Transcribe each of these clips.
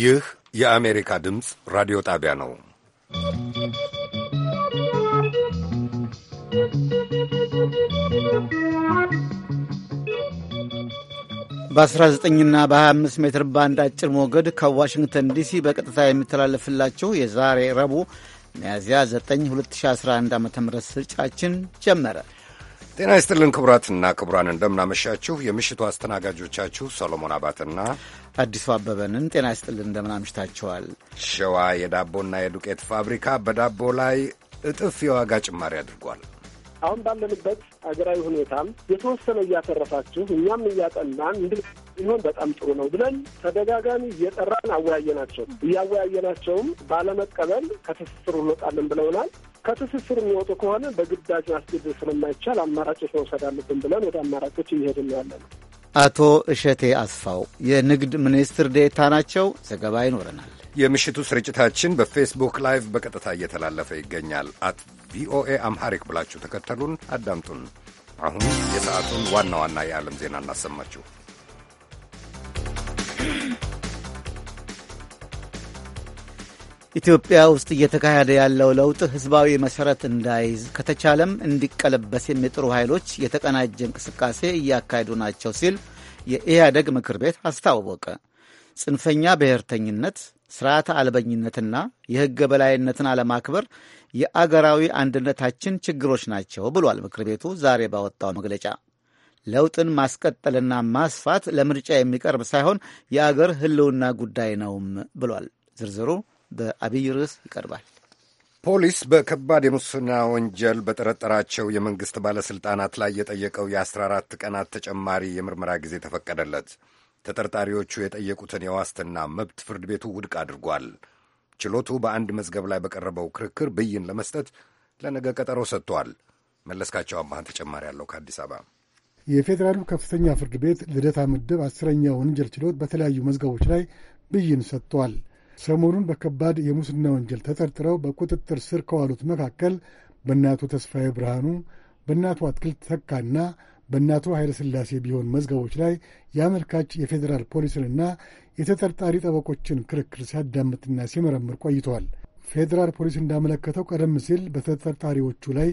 ይህ የአሜሪካ ድምፅ ራዲዮ ጣቢያ ነው። በ19ና በ25 ሜትር ባንድ አጭር ሞገድ ከዋሽንግተን ዲሲ በቀጥታ የሚተላለፍላችሁ የዛሬ ረቡዕ ሚያዝያ 9 2011 ዓ ም ስርጫችን ጀመረ። ጤና ይስጥልን ክቡራትና ክቡራን፣ እንደምናመሻችሁ። የምሽቱ አስተናጋጆቻችሁ ሰሎሞን አባትና አዲሱ አበበንን ጤና ይስጥልን፣ እንደምናምሽታችኋል። ሸዋ የዳቦና የዱቄት ፋብሪካ በዳቦ ላይ እጥፍ የዋጋ ጭማሪ አድርጓል። አሁን ባለንበት አገራዊ ሁኔታም የተወሰነ እያተረፋችሁ እኛም እያጠናን እንድ ቢሆን በጣም ጥሩ ነው ብለን ተደጋጋሚ እየጠራን አወያየናቸው። እያወያየናቸውም ባለመቀበል ከትስስሩ እንወጣለን ብለውናል። ከትስስር የሚወጡ ከሆነ በግዳጅ ማስገደድ ስለማይቻል አማራጮች መውሰድ አለብን ብለን ወደ አማራጮች እየሄድን ያለ ነው። አቶ እሸቴ አስፋው የንግድ ሚኒስትር ዴታ ናቸው። ዘገባ ይኖረናል። የምሽቱ ስርጭታችን በፌስቡክ ላይቭ በቀጥታ እየተላለፈ ይገኛል። አት ቪኦኤ አምሃሪክ ብላችሁ ተከተሉን፣ አዳምጡን። አሁን የሰዓቱን ዋና ዋና የዓለም ዜና እናሰማችሁ። ኢትዮጵያ ውስጥ እየተካሄደ ያለው ለውጥ ህዝባዊ መሠረት እንዳይዝ ከተቻለም እንዲቀለበስ የሚጥሩ ኃይሎች የተቀናጀ እንቅስቃሴ እያካሄዱ ናቸው ሲል የኢህአደግ ምክር ቤት አስታወቀ። ጽንፈኛ ብሔርተኝነት ስርዓተ አልበኝነትና የሕገ በላይነትን አለማክበር የአገራዊ አንድነታችን ችግሮች ናቸው ብሏል ምክር ቤቱ ዛሬ ባወጣው መግለጫ። ለውጥን ማስቀጠልና ማስፋት ለምርጫ የሚቀርብ ሳይሆን የአገር ሕልውና ጉዳይ ነውም ብሏል። ዝርዝሩ በአብይ ርዕስ ይቀርባል። ፖሊስ በከባድ የሙስና ወንጀል በጠረጠራቸው የመንግሥት ባለሥልጣናት ላይ የጠየቀው የ14 ቀናት ተጨማሪ የምርመራ ጊዜ ተፈቀደለት። ተጠርጣሪዎቹ የጠየቁትን የዋስትና መብት ፍርድ ቤቱ ውድቅ አድርጓል። ችሎቱ በአንድ መዝገብ ላይ በቀረበው ክርክር ብይን ለመስጠት ለነገ ቀጠሮ ሰጥቷል። መለስካቸው አማህን ተጨማሪ ያለው ከአዲስ አበባ የፌዴራሉ ከፍተኛ ፍርድ ቤት ልደታ ምድብ አስረኛ ወንጀል ችሎት በተለያዩ መዝገቦች ላይ ብይን ሰጥቷል። ሰሞኑን በከባድ የሙስና ወንጀል ተጠርጥረው በቁጥጥር ስር ከዋሉት መካከል በእናቱ ተስፋዬ ብርሃኑ፣ በእናቱ አትክልት ተካና በእናቶ ኃይለ ኃይለሥላሴ ቢሆን መዝገቦች ላይ የአመልካች የፌዴራል ፖሊስንና የተጠርጣሪ ጠበቆችን ክርክር ሲያዳምጥና ሲመረምር ቆይተዋል። ፌዴራል ፖሊስ እንዳመለከተው ቀደም ሲል በተጠርጣሪዎቹ ላይ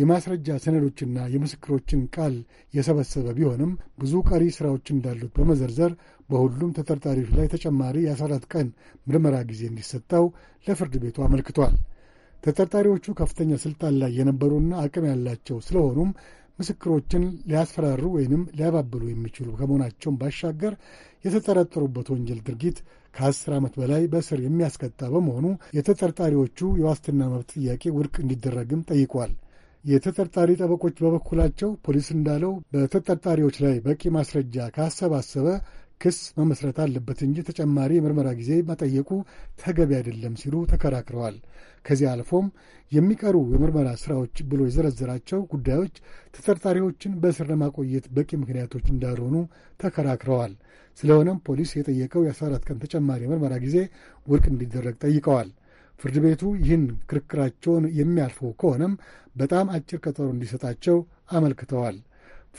የማስረጃ ሰነዶችና የምስክሮችን ቃል የሰበሰበ ቢሆንም ብዙ ቀሪ ስራዎች እንዳሉት በመዘርዘር በሁሉም ተጠርጣሪዎች ላይ ተጨማሪ የ14 ቀን ምርመራ ጊዜ እንዲሰጠው ለፍርድ ቤቱ አመልክቷል። ተጠርጣሪዎቹ ከፍተኛ ስልጣን ላይ የነበሩና አቅም ያላቸው ስለሆኑም ምስክሮችን ሊያስፈራሩ ወይንም ሊያባብሉ የሚችሉ ከመሆናቸውም ባሻገር የተጠረጠሩበት ወንጀል ድርጊት ከአስር ዓመት በላይ በእስር የሚያስቀጣ በመሆኑ የተጠርጣሪዎቹ የዋስትና መብት ጥያቄ ውድቅ እንዲደረግም ጠይቋል። የተጠርጣሪ ጠበቆች በበኩላቸው ፖሊስ እንዳለው በተጠርጣሪዎች ላይ በቂ ማስረጃ ካሰባሰበ ክስ መመስረት አለበት እንጂ ተጨማሪ የምርመራ ጊዜ መጠየቁ ተገቢ አይደለም ሲሉ ተከራክረዋል። ከዚህ አልፎም የሚቀሩ የምርመራ ስራዎች ብሎ የዘረዘራቸው ጉዳዮች ተጠርጣሪዎችን በእስር ለማቆየት በቂ ምክንያቶች እንዳልሆኑ ተከራክረዋል። ስለሆነም ፖሊስ የጠየቀው የ14 ቀን ተጨማሪ የምርመራ ጊዜ ውድቅ እንዲደረግ ጠይቀዋል። ፍርድ ቤቱ ይህን ክርክራቸውን የሚያልፈው ከሆነም በጣም አጭር ቀጠሮ እንዲሰጣቸው አመልክተዋል።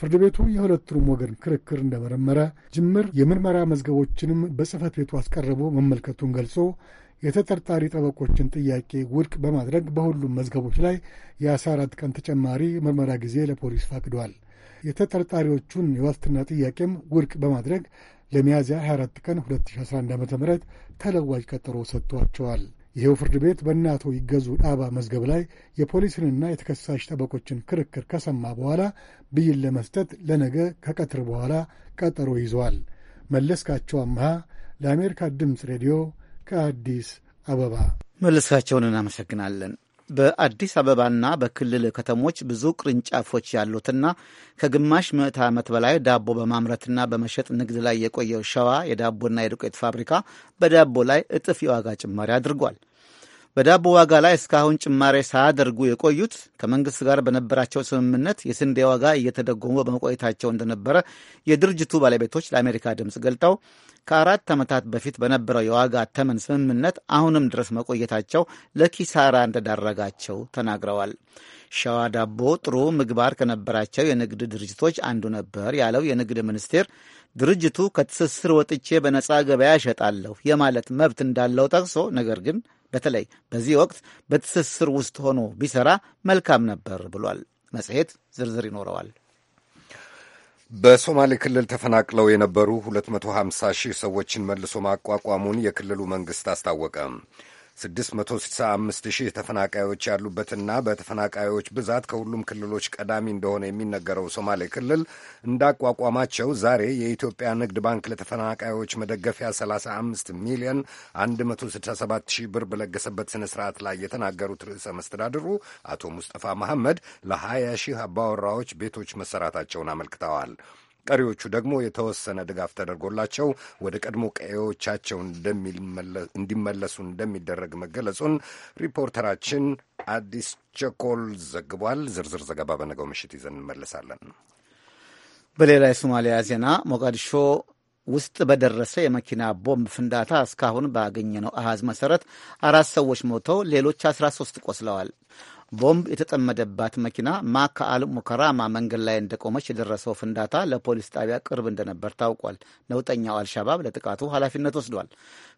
ፍርድ ቤቱ የሁለቱንም ወገን ክርክር እንደመረመረ ጅምር የምርመራ መዝገቦችንም በጽህፈት ቤቱ አስቀርቦ መመልከቱን ገልጾ የተጠርጣሪ ጠበቆችን ጥያቄ ውድቅ በማድረግ በሁሉም መዝገቦች ላይ የ 14 ቀን ተጨማሪ ምርመራ ጊዜ ለፖሊስ ፈቅዷል። የተጠርጣሪዎቹን የዋስትና ጥያቄም ውድቅ በማድረግ ለሚያዝያ 24 ቀን 2011 ዓ ም ተለዋጅ ቀጠሮ ሰጥቷቸዋል። ይኸው ፍርድ ቤት በእነ አቶ ይገዙ ጣባ መዝገብ ላይ የፖሊስንና የተከሳሽ ጠበቆችን ክርክር ከሰማ በኋላ ብይን ለመስጠት ለነገ ከቀትር በኋላ ቀጠሮ ይዘዋል። መለስካቸው አምሃ ለአሜሪካ ድምፅ ሬዲዮ ከአዲስ አበባ። መለስካቸውን እናመሰግናለን። በአዲስ አበባና በክልል ከተሞች ብዙ ቅርንጫፎች ያሉትና ከግማሽ ምዕተ ዓመት በላይ ዳቦ በማምረትና በመሸጥ ንግድ ላይ የቆየው ሸዋ የዳቦና የዱቄት ፋብሪካ በዳቦ ላይ እጥፍ የዋጋ ጭማሪ አድርጓል። በዳቦ ዋጋ ላይ እስካሁን ጭማሬ ሳያደርጉ የቆዩት ከመንግሥት ጋር በነበራቸው ስምምነት የስንዴ ዋጋ እየተደጎሙ በመቆየታቸው እንደነበረ የድርጅቱ ባለቤቶች ለአሜሪካ ድምፅ ገልጠው ከአራት ዓመታት በፊት በነበረው የዋጋ ተመን ስምምነት አሁንም ድረስ መቆየታቸው ለኪሳራ እንደዳረጋቸው ተናግረዋል። ሸዋ ዳቦ ጥሩ ምግባር ከነበራቸው የንግድ ድርጅቶች አንዱ ነበር ያለው የንግድ ሚኒስቴር ድርጅቱ ከትስስር ወጥቼ በነፃ ገበያ እሸጣለሁ የማለት መብት እንዳለው ጠቅሶ ነገር ግን በተለይ በዚህ ወቅት በትስስር ውስጥ ሆኖ ቢሰራ መልካም ነበር ብሏል። መጽሔት ዝርዝር ይኖረዋል። በሶማሌ ክልል ተፈናቅለው የነበሩ 250 ሺህ ሰዎችን መልሶ ማቋቋሙን የክልሉ መንግሥት አስታወቀ። 665 ሺህ ተፈናቃዮች ያሉበትና በተፈናቃዮች ብዛት ከሁሉም ክልሎች ቀዳሚ እንደሆነ የሚነገረው ሶማሌ ክልል እንዳቋቋማቸው ዛሬ የኢትዮጵያ ንግድ ባንክ ለተፈናቃዮች መደገፊያ 35 ሚሊዮን 167 ሺህ ብር በለገሰበት ስነ ስርዓት ላይ የተናገሩት ርዕሰ መስተዳድሩ አቶ ሙስጠፋ መሐመድ ለ20 ሺህ አባወራዎች ቤቶች መሰራታቸውን አመልክተዋል። ቀሪዎቹ ደግሞ የተወሰነ ድጋፍ ተደርጎላቸው ወደ ቀድሞ ቀዬዎቻቸው እንዲመለሱ እንደሚደረግ መገለጹን ሪፖርተራችን አዲስ ቸኮል ዘግቧል። ዝርዝር ዘገባ በነገው ምሽት ይዘን እንመለሳለን። በሌላ የሶማሊያ ዜና ሞቃዲሾ ውስጥ በደረሰ የመኪና ቦምብ ፍንዳታ እስካሁን ባገኘነው አሃዝ መሰረት አራት ሰዎች ሞተው ሌሎች 13 ቆስለዋል። ቦምብ የተጠመደባት መኪና ማካአል ሙከራማ መንገድ ላይ እንደቆመች የደረሰው ፍንዳታ ለፖሊስ ጣቢያ ቅርብ እንደነበር ታውቋል። ነውጠኛው አልሻባብ ለጥቃቱ ኃላፊነት ወስዷል።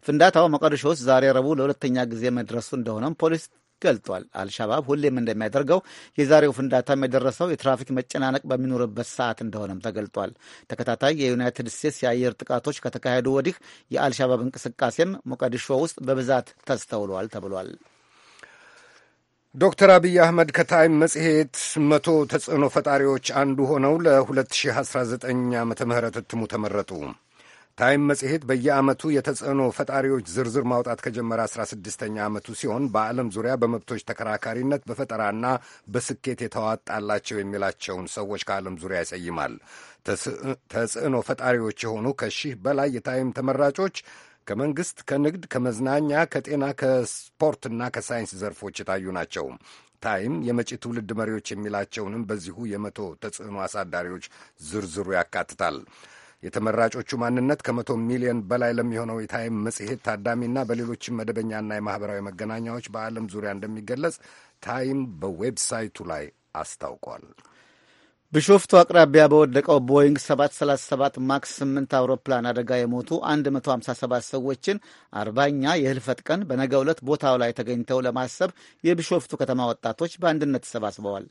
ፍንዳታው ሞቃዲሾ ውስጥ ዛሬ ረቡዕ ለሁለተኛ ጊዜ መድረሱ እንደሆነም ፖሊስ ገልጧል። አልሻባብ ሁሌም እንደሚያደርገው የዛሬው ፍንዳታም የደረሰው የትራፊክ መጨናነቅ በሚኖርበት ሰዓት እንደሆነም ተገልጧል። ተከታታይ የዩናይትድ ስቴትስ የአየር ጥቃቶች ከተካሄዱ ወዲህ የአልሻባብ እንቅስቃሴም ሞቃዲሾ ውስጥ በብዛት ተስተውሏል ተብሏል። ዶክተር አብይ አህመድ ከታይም መጽሔት መቶ ተጽዕኖ ፈጣሪዎች አንዱ ሆነው ለ2019 ዓ ም እትሙ ተመረጡ። ታይም መጽሔት በየዓመቱ የተጽዕኖ ፈጣሪዎች ዝርዝር ማውጣት ከጀመረ 16ኛ ዓመቱ ሲሆን በዓለም ዙሪያ በመብቶች ተከራካሪነት በፈጠራና በስኬት የተዋጣላቸው የሚላቸውን ሰዎች ከዓለም ዙሪያ ይሰይማል። ተጽዕኖ ፈጣሪዎች የሆኑ ከሺህ በላይ የታይም ተመራጮች ከመንግስት ከንግድ፣ ከመዝናኛ፣ ከጤና፣ ከስፖርትና ከሳይንስ ዘርፎች የታዩ ናቸው። ታይም የመጪ ትውልድ መሪዎች የሚላቸውንም በዚሁ የመቶ ተጽዕኖ አሳዳሪዎች ዝርዝሩ ያካትታል። የተመራጮቹ ማንነት ከመቶ ሚሊዮን በላይ ለሚሆነው የታይም መጽሔት ታዳሚና በሌሎችም መደበኛና የማኅበራዊ መገናኛዎች በዓለም ዙሪያ እንደሚገለጽ ታይም በዌብሳይቱ ላይ አስታውቋል። ቢሾፍቱ አቅራቢያ በወደቀው ቦይንግ 737 ማክስ 8 አውሮፕላን አደጋ የሞቱ 157 ሰዎችን አርባኛ የህልፈት ቀን በነገ ዕለት ቦታው ላይ ተገኝተው ለማሰብ የቢሾፍቱ ከተማ ወጣቶች በአንድነት ተሰባስበዋል።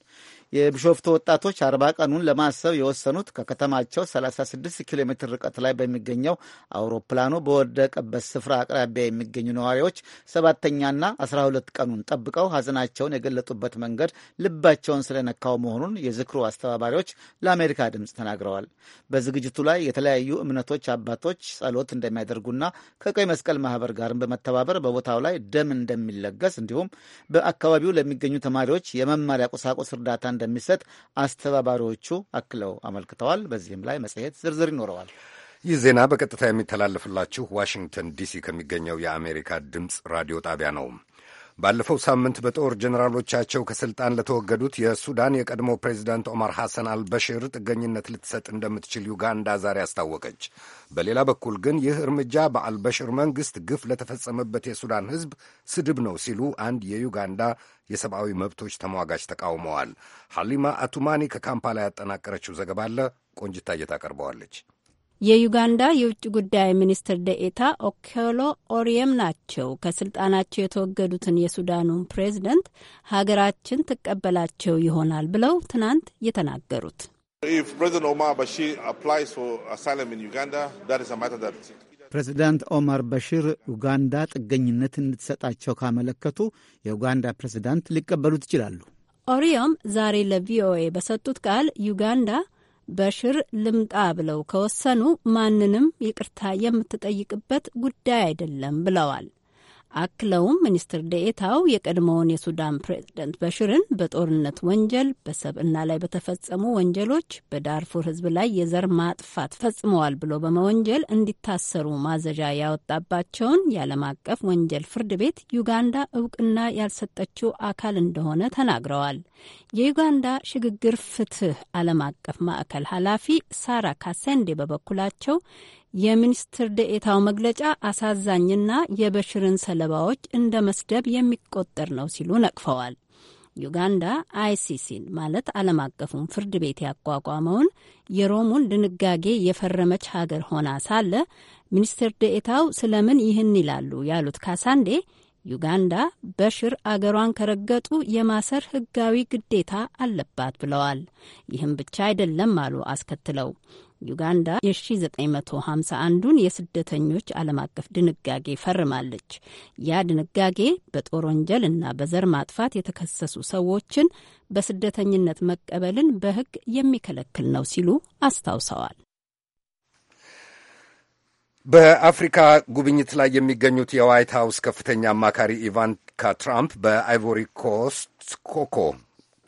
የቢሾፍቱ ወጣቶች አርባ ቀኑን ለማሰብ የወሰኑት ከከተማቸው 36 ኪሎ ሜትር ርቀት ላይ በሚገኘው አውሮፕላኑ በወደቀበት ስፍራ አቅራቢያ የሚገኙ ነዋሪዎች ሰባተኛና 12 ቀኑን ጠብቀው ሀዘናቸውን የገለጡበት መንገድ ልባቸውን ስለነካው መሆኑን የዝክሩ አስተባባሪ ተማሪዎች ለአሜሪካ ድምፅ ተናግረዋል። በዝግጅቱ ላይ የተለያዩ እምነቶች አባቶች ጸሎት እንደሚያደርጉና ከቀይ መስቀል ማህበር ጋርም በመተባበር በቦታው ላይ ደም እንደሚለገስ እንዲሁም በአካባቢው ለሚገኙ ተማሪዎች የመማሪያ ቁሳቁስ እርዳታ እንደሚሰጥ አስተባባሪዎቹ አክለው አመልክተዋል። በዚህም ላይ መጽሔት ዝርዝር ይኖረዋል። ይህ ዜና በቀጥታ የሚተላለፍላችሁ ዋሽንግተን ዲሲ ከሚገኘው የአሜሪካ ድምፅ ራዲዮ ጣቢያ ነው። ባለፈው ሳምንት በጦር ጀኔራሎቻቸው ከሥልጣን ለተወገዱት የሱዳን የቀድሞ ፕሬዚዳንት ኦማር ሐሰን አልበሽር ጥገኝነት ልትሰጥ እንደምትችል ዩጋንዳ ዛሬ አስታወቀች። በሌላ በኩል ግን ይህ እርምጃ በአልበሽር መንግሥት ግፍ ለተፈጸመበት የሱዳን ሕዝብ ስድብ ነው ሲሉ አንድ የዩጋንዳ የሰብአዊ መብቶች ተሟጋች ተቃውመዋል። ሐሊማ አቱማኒ ከካምፓላ ያጠናቀረችው ዘገባ አለ ቆንጅታ እየታቀርበዋለች። የዩጋንዳ የውጭ ጉዳይ ሚኒስትር ደኤታ ኦኬሎ ኦሪየም ናቸው። ከስልጣናቸው የተወገዱትን የሱዳኑን ፕሬዝደንት ሀገራችን ትቀበላቸው ይሆናል ብለው ትናንት የተናገሩት ፕሬዚዳንት ኦማር በሺር ኡጋንዳ ጥገኝነት እንድትሰጣቸው ካመለከቱ የኡጋንዳ ፕሬዚዳንት ሊቀበሉት ይችላሉ። ኦሪየም ዛሬ ለቪኦኤ በሰጡት ቃል ዩጋንዳ በሽር ልምጣ ብለው ከወሰኑ ማንንም ይቅርታ የምትጠይቅበት ጉዳይ አይደለም ብለዋል። አክለውም ሚኒስትር ደኤታው የቀድሞውን የሱዳን ፕሬዝደንት በሽርን በጦርነት ወንጀል፣ በሰብዕና ላይ በተፈጸሙ ወንጀሎች፣ በዳርፉር ሕዝብ ላይ የዘር ማጥፋት ፈጽመዋል ብሎ በመወንጀል እንዲታሰሩ ማዘዣ ያወጣባቸውን የዓለም አቀፍ ወንጀል ፍርድ ቤት ዩጋንዳ እውቅና ያልሰጠችው አካል እንደሆነ ተናግረዋል። የዩጋንዳ ሽግግር ፍትህ ዓለም አቀፍ ማዕከል ኃላፊ ሳራ ካሴንዴ በበኩላቸው የሚኒስትር ደኤታው መግለጫ አሳዛኝና የበሽርን ሰለባዎች እንደ መስደብ የሚቆጠር ነው ሲሉ ነቅፈዋል። ዩጋንዳ አይሲሲን ማለት ዓለም አቀፉን ፍርድ ቤት ያቋቋመውን የሮሙን ድንጋጌ የፈረመች ሀገር ሆና ሳለ ሚኒስትር ደኤታው ስለምን ይህን ይላሉ ያሉት ካሳንዴ ዩጋንዳ በሽር አገሯን ከረገጡ የማሰር ሕጋዊ ግዴታ አለባት ብለዋል። ይህም ብቻ አይደለም አሉ አስከትለው ዩጋንዳ የ1951ን የስደተኞች ዓለም አቀፍ ድንጋጌ ፈርማለች። ያ ድንጋጌ በጦር ወንጀል እና በዘር ማጥፋት የተከሰሱ ሰዎችን በስደተኝነት መቀበልን በሕግ የሚከለክል ነው ሲሉ አስታውሰዋል። በአፍሪካ ጉብኝት ላይ የሚገኙት የዋይት ሃውስ ከፍተኛ አማካሪ ኢቫንካ ትራምፕ በአይቮሪ ኮስት ኮኮ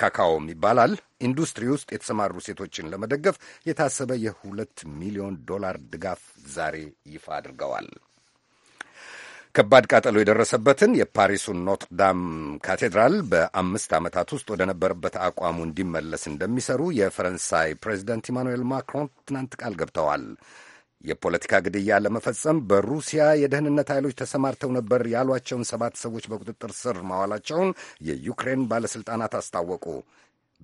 ካካዎም ይባላል ኢንዱስትሪ ውስጥ የተሰማሩ ሴቶችን ለመደገፍ የታሰበ የሁለት ሚሊዮን ዶላር ድጋፍ ዛሬ ይፋ አድርገዋል። ከባድ ቃጠሎ የደረሰበትን የፓሪሱን ኖትርዳም ካቴድራል በአምስት ዓመታት ውስጥ ወደ ነበረበት አቋሙ እንዲመለስ እንደሚሰሩ የፈረንሳይ ፕሬዚደንት ኢማኑኤል ማክሮን ትናንት ቃል ገብተዋል። የፖለቲካ ግድያ ለመፈጸም በሩሲያ የደህንነት ኃይሎች ተሰማርተው ነበር ያሏቸውን ሰባት ሰዎች በቁጥጥር ስር ማዋላቸውን የዩክሬን ባለሥልጣናት አስታወቁ።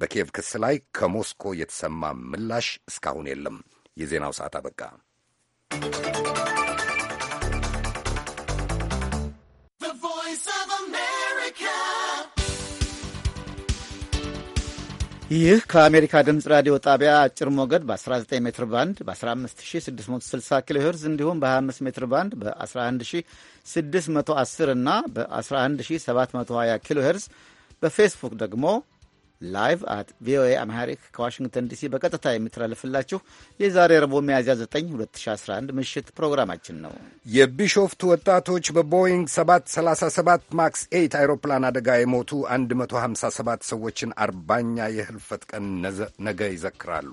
በኪየቭ ክስ ላይ ከሞስኮ የተሰማ ምላሽ እስካሁን የለም። የዜናው ሰዓት አበቃ። ይህ ከአሜሪካ ድምፅ ራዲዮ ጣቢያ አጭር ሞገድ በ19 ሜትር ባንድ በ15660 ኪሎ ሄርዝ እንዲሁም በ25 ሜትር ባንድ በ11610 እና በ11720 ኪሎ ሄርዝ በፌስቡክ ደግሞ ላይቭ አት ቪኦኤ አምሃሪክ ከዋሽንግተን ዲሲ በቀጥታ የሚተላለፍላችሁ የዛሬ ረቡዕ ሚያዝያ 9 2011 ምሽት ፕሮግራማችን ነው። የቢሾፍቱ ወጣቶች በቦይንግ 737 ማክስ 8 አይሮፕላን አደጋ የሞቱ 157 ሰዎችን አርባኛ የህልፈት ቀን ነገ ይዘክራሉ።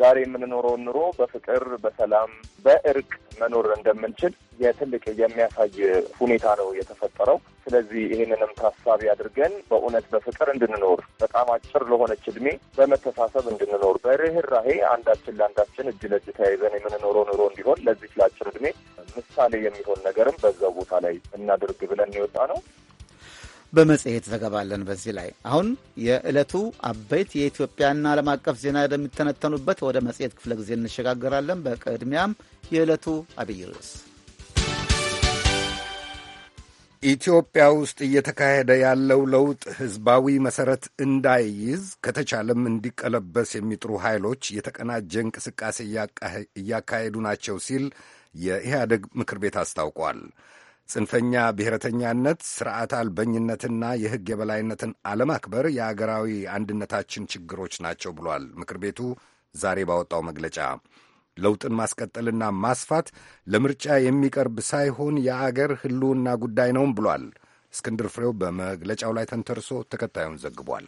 ዛሬ የምንኖረውን ኑሮ በፍቅር በሰላም በእርቅ መኖር እንደምንችል የትልቅ የሚያሳይ ሁኔታ ነው የተፈጠረው። ስለዚህ ይህንንም ታሳቢ አድርገን በእውነት በፍቅር እንድንኖር በጣም አጭር ለሆነች እድሜ በመተሳሰብ እንድንኖር በርህራሄ አንዳችን ለአንዳችን እጅ ለእጅ ተያይዘን የምንኖረው ኑሮ እንዲሆን ለዚህ ለአጭር እድሜ ምሳሌ የሚሆን ነገርም በዛው ቦታ ላይ እናድርግ ብለን የወጣ ነው። በመጽሔት ዘገባለን በዚህ ላይ። አሁን የዕለቱ አበይት የኢትዮጵያና ዓለም አቀፍ ዜና ወደሚተነተኑበት ወደ መጽሔት ክፍለ ጊዜ እንሸጋገራለን። በቅድሚያም የዕለቱ አብይ ርዕስ ኢትዮጵያ ውስጥ እየተካሄደ ያለው ለውጥ ሕዝባዊ መሠረት እንዳይይዝ ከተቻለም እንዲቀለበስ የሚጥሩ ኃይሎች የተቀናጀ እንቅስቃሴ እያካሄዱ ናቸው ሲል የኢህአደግ ምክር ቤት አስታውቋል። ጽንፈኛ ብሔረተኛነት፣ ስርዓት አልበኝነትና የሕግ የበላይነትን አለማክበር የአገራዊ አንድነታችን ችግሮች ናቸው ብሏል ምክር ቤቱ ዛሬ ባወጣው መግለጫ። ለውጥን ማስቀጠልና ማስፋት ለምርጫ የሚቀርብ ሳይሆን የአገር ሕልውና ጉዳይ ነውም ብሏል። እስክንድር ፍሬው በመግለጫው ላይ ተንተርሶ ተከታዩን ዘግቧል።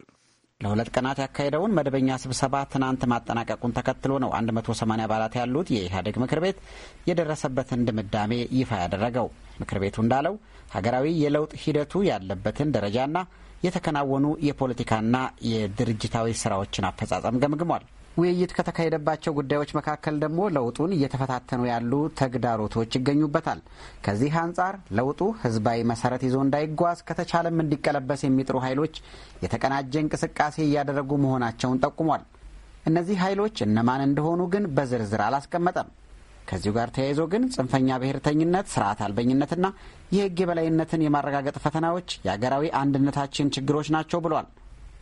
ለሁለት ቀናት ያካሄደውን መደበኛ ስብሰባ ትናንት ማጠናቀቁን ተከትሎ ነው 180 አባላት ያሉት የኢህአዴግ ምክር ቤት የደረሰበትን ድምዳሜ ይፋ ያደረገው። ምክር ቤቱ እንዳለው ሀገራዊ የለውጥ ሂደቱ ያለበትን ደረጃና የተከናወኑ የፖለቲካና የድርጅታዊ ስራዎችን አፈጻጸም ገምግሟል። ውይይት ከተካሄደባቸው ጉዳዮች መካከል ደግሞ ለውጡን እየተፈታተኑ ያሉ ተግዳሮቶች ይገኙበታል። ከዚህ አንጻር ለውጡ ህዝባዊ መሰረት ይዞ እንዳይጓዝ ከተቻለም እንዲቀለበስ የሚጥሩ ኃይሎች የተቀናጀ እንቅስቃሴ እያደረጉ መሆናቸውን ጠቁሟል። እነዚህ ኃይሎች እነማን እንደሆኑ ግን በዝርዝር አላስቀመጠም። ከዚሁ ጋር ተያይዞ ግን ጽንፈኛ ብሔርተኝነት፣ ስርዓት አልበኝነትና የህግ የበላይነትን የማረጋገጥ ፈተናዎች የአገራዊ አንድነታችን ችግሮች ናቸው ብሏል።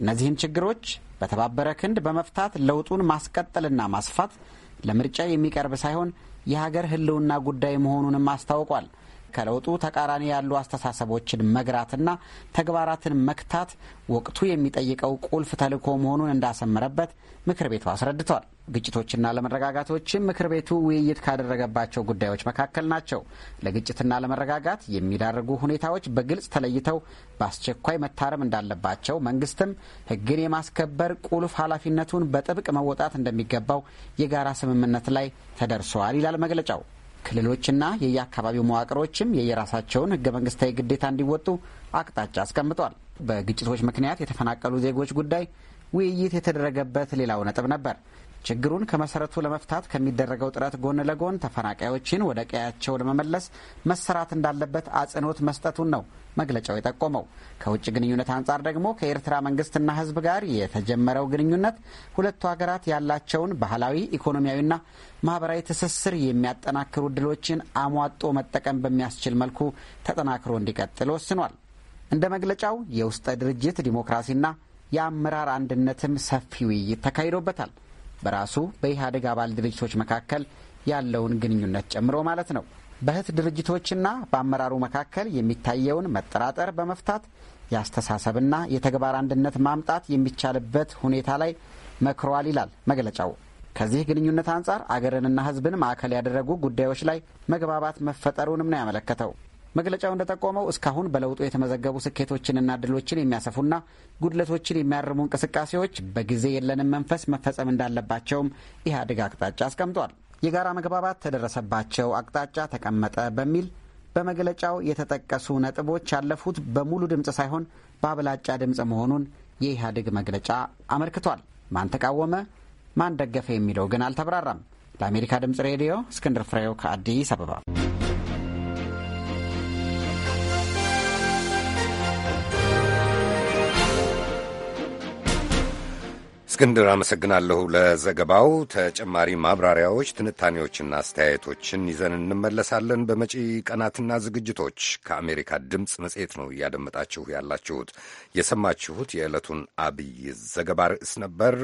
እነዚህን ችግሮች በተባበረ ክንድ በመፍታት ለውጡን ማስቀጠልና ማስፋት ለምርጫ የሚቀርብ ሳይሆን የሀገር ህልውና ጉዳይ መሆኑንም አስታውቋል። ከለውጡ ተቃራኒ ያሉ አስተሳሰቦችን መግራትና ተግባራትን መክታት ወቅቱ የሚጠይቀው ቁልፍ ተልኮ መሆኑን እንዳሰመረበት ምክር ቤቱ አስረድቷል። ግጭቶችና አለመረጋጋቶችም ምክር ቤቱ ውይይት ካደረገባቸው ጉዳዮች መካከል ናቸው። ለግጭትና ለመረጋጋት የሚዳርጉ ሁኔታዎች በግልጽ ተለይተው በአስቸኳይ መታረም እንዳለባቸው፣ መንግስትም ሕግን የማስከበር ቁልፍ ኃላፊነቱን በጥብቅ መወጣት እንደሚገባው የጋራ ስምምነት ላይ ተደርሷል ይላል መግለጫው። ክልሎችና የየአካባቢው መዋቅሮችም የየራሳቸውን ህገ መንግስታዊ ግዴታ እንዲወጡ አቅጣጫ አስቀምጧል። በግጭቶች ምክንያት የተፈናቀሉ ዜጎች ጉዳይ ውይይት የተደረገበት ሌላው ነጥብ ነበር። ችግሩን ከመሰረቱ ለመፍታት ከሚደረገው ጥረት ጎን ለጎን ተፈናቃዮችን ወደ ቀያቸው ለመመለስ መሰራት እንዳለበት አጽንኦት መስጠቱን ነው መግለጫው የጠቆመው። ከውጭ ግንኙነት አንጻር ደግሞ ከኤርትራ መንግስትና ህዝብ ጋር የተጀመረው ግንኙነት ሁለቱ ሀገራት ያላቸውን ባህላዊ፣ ኢኮኖሚያዊና ማህበራዊ ትስስር የሚያጠናክሩ እድሎችን አሟጦ መጠቀም በሚያስችል መልኩ ተጠናክሮ እንዲቀጥል ወስኗል። እንደ መግለጫው የውስጠ ድርጅት ዲሞክራሲና የአመራር አንድነትም ሰፊ ውይይት ተካሂዶበታል። በራሱ በኢህአዴግ አባል ድርጅቶች መካከል ያለውን ግንኙነት ጨምሮ ማለት ነው። በህት ድርጅቶችና በአመራሩ መካከል የሚታየውን መጠራጠር በመፍታት የአስተሳሰብና የተግባር አንድነት ማምጣት የሚቻልበት ሁኔታ ላይ መክሯል ይላል መግለጫው። ከዚህ ግንኙነት አንጻር አገርንና ህዝብን ማዕከል ያደረጉ ጉዳዮች ላይ መግባባት መፈጠሩንም ነው ያመለከተው። መግለጫው እንደጠቆመው እስካሁን በለውጡ የተመዘገቡ ስኬቶችንና ድሎችን የሚያሰፉና ጉድለቶችን የሚያርሙ እንቅስቃሴዎች በጊዜ የለንም መንፈስ መፈጸም እንዳለባቸውም ኢህአዴግ አቅጣጫ አስቀምጧል። የጋራ መግባባት ተደረሰባቸው፣ አቅጣጫ ተቀመጠ በሚል በመግለጫው የተጠቀሱ ነጥቦች ያለፉት በሙሉ ድምፅ ሳይሆን በአብላጫ ድምፅ መሆኑን የኢህአዴግ መግለጫ አመልክቷል። ማን ተቃወመ፣ ማን ደገፈ የሚለው ግን አልተብራራም። ለአሜሪካ ድምፅ ሬዲዮ እስክንድር ፍሬው ከአዲስ አበባ እስክንድር አመሰግናለሁ ለዘገባው። ተጨማሪ ማብራሪያዎች፣ ትንታኔዎችና አስተያየቶችን ይዘን እንመለሳለን በመጪ ቀናትና ዝግጅቶች። ከአሜሪካ ድምፅ መጽሔት ነው እያደመጣችሁ ያላችሁት። የሰማችሁት የዕለቱን አብይ ዘገባ ርዕስ ነበር።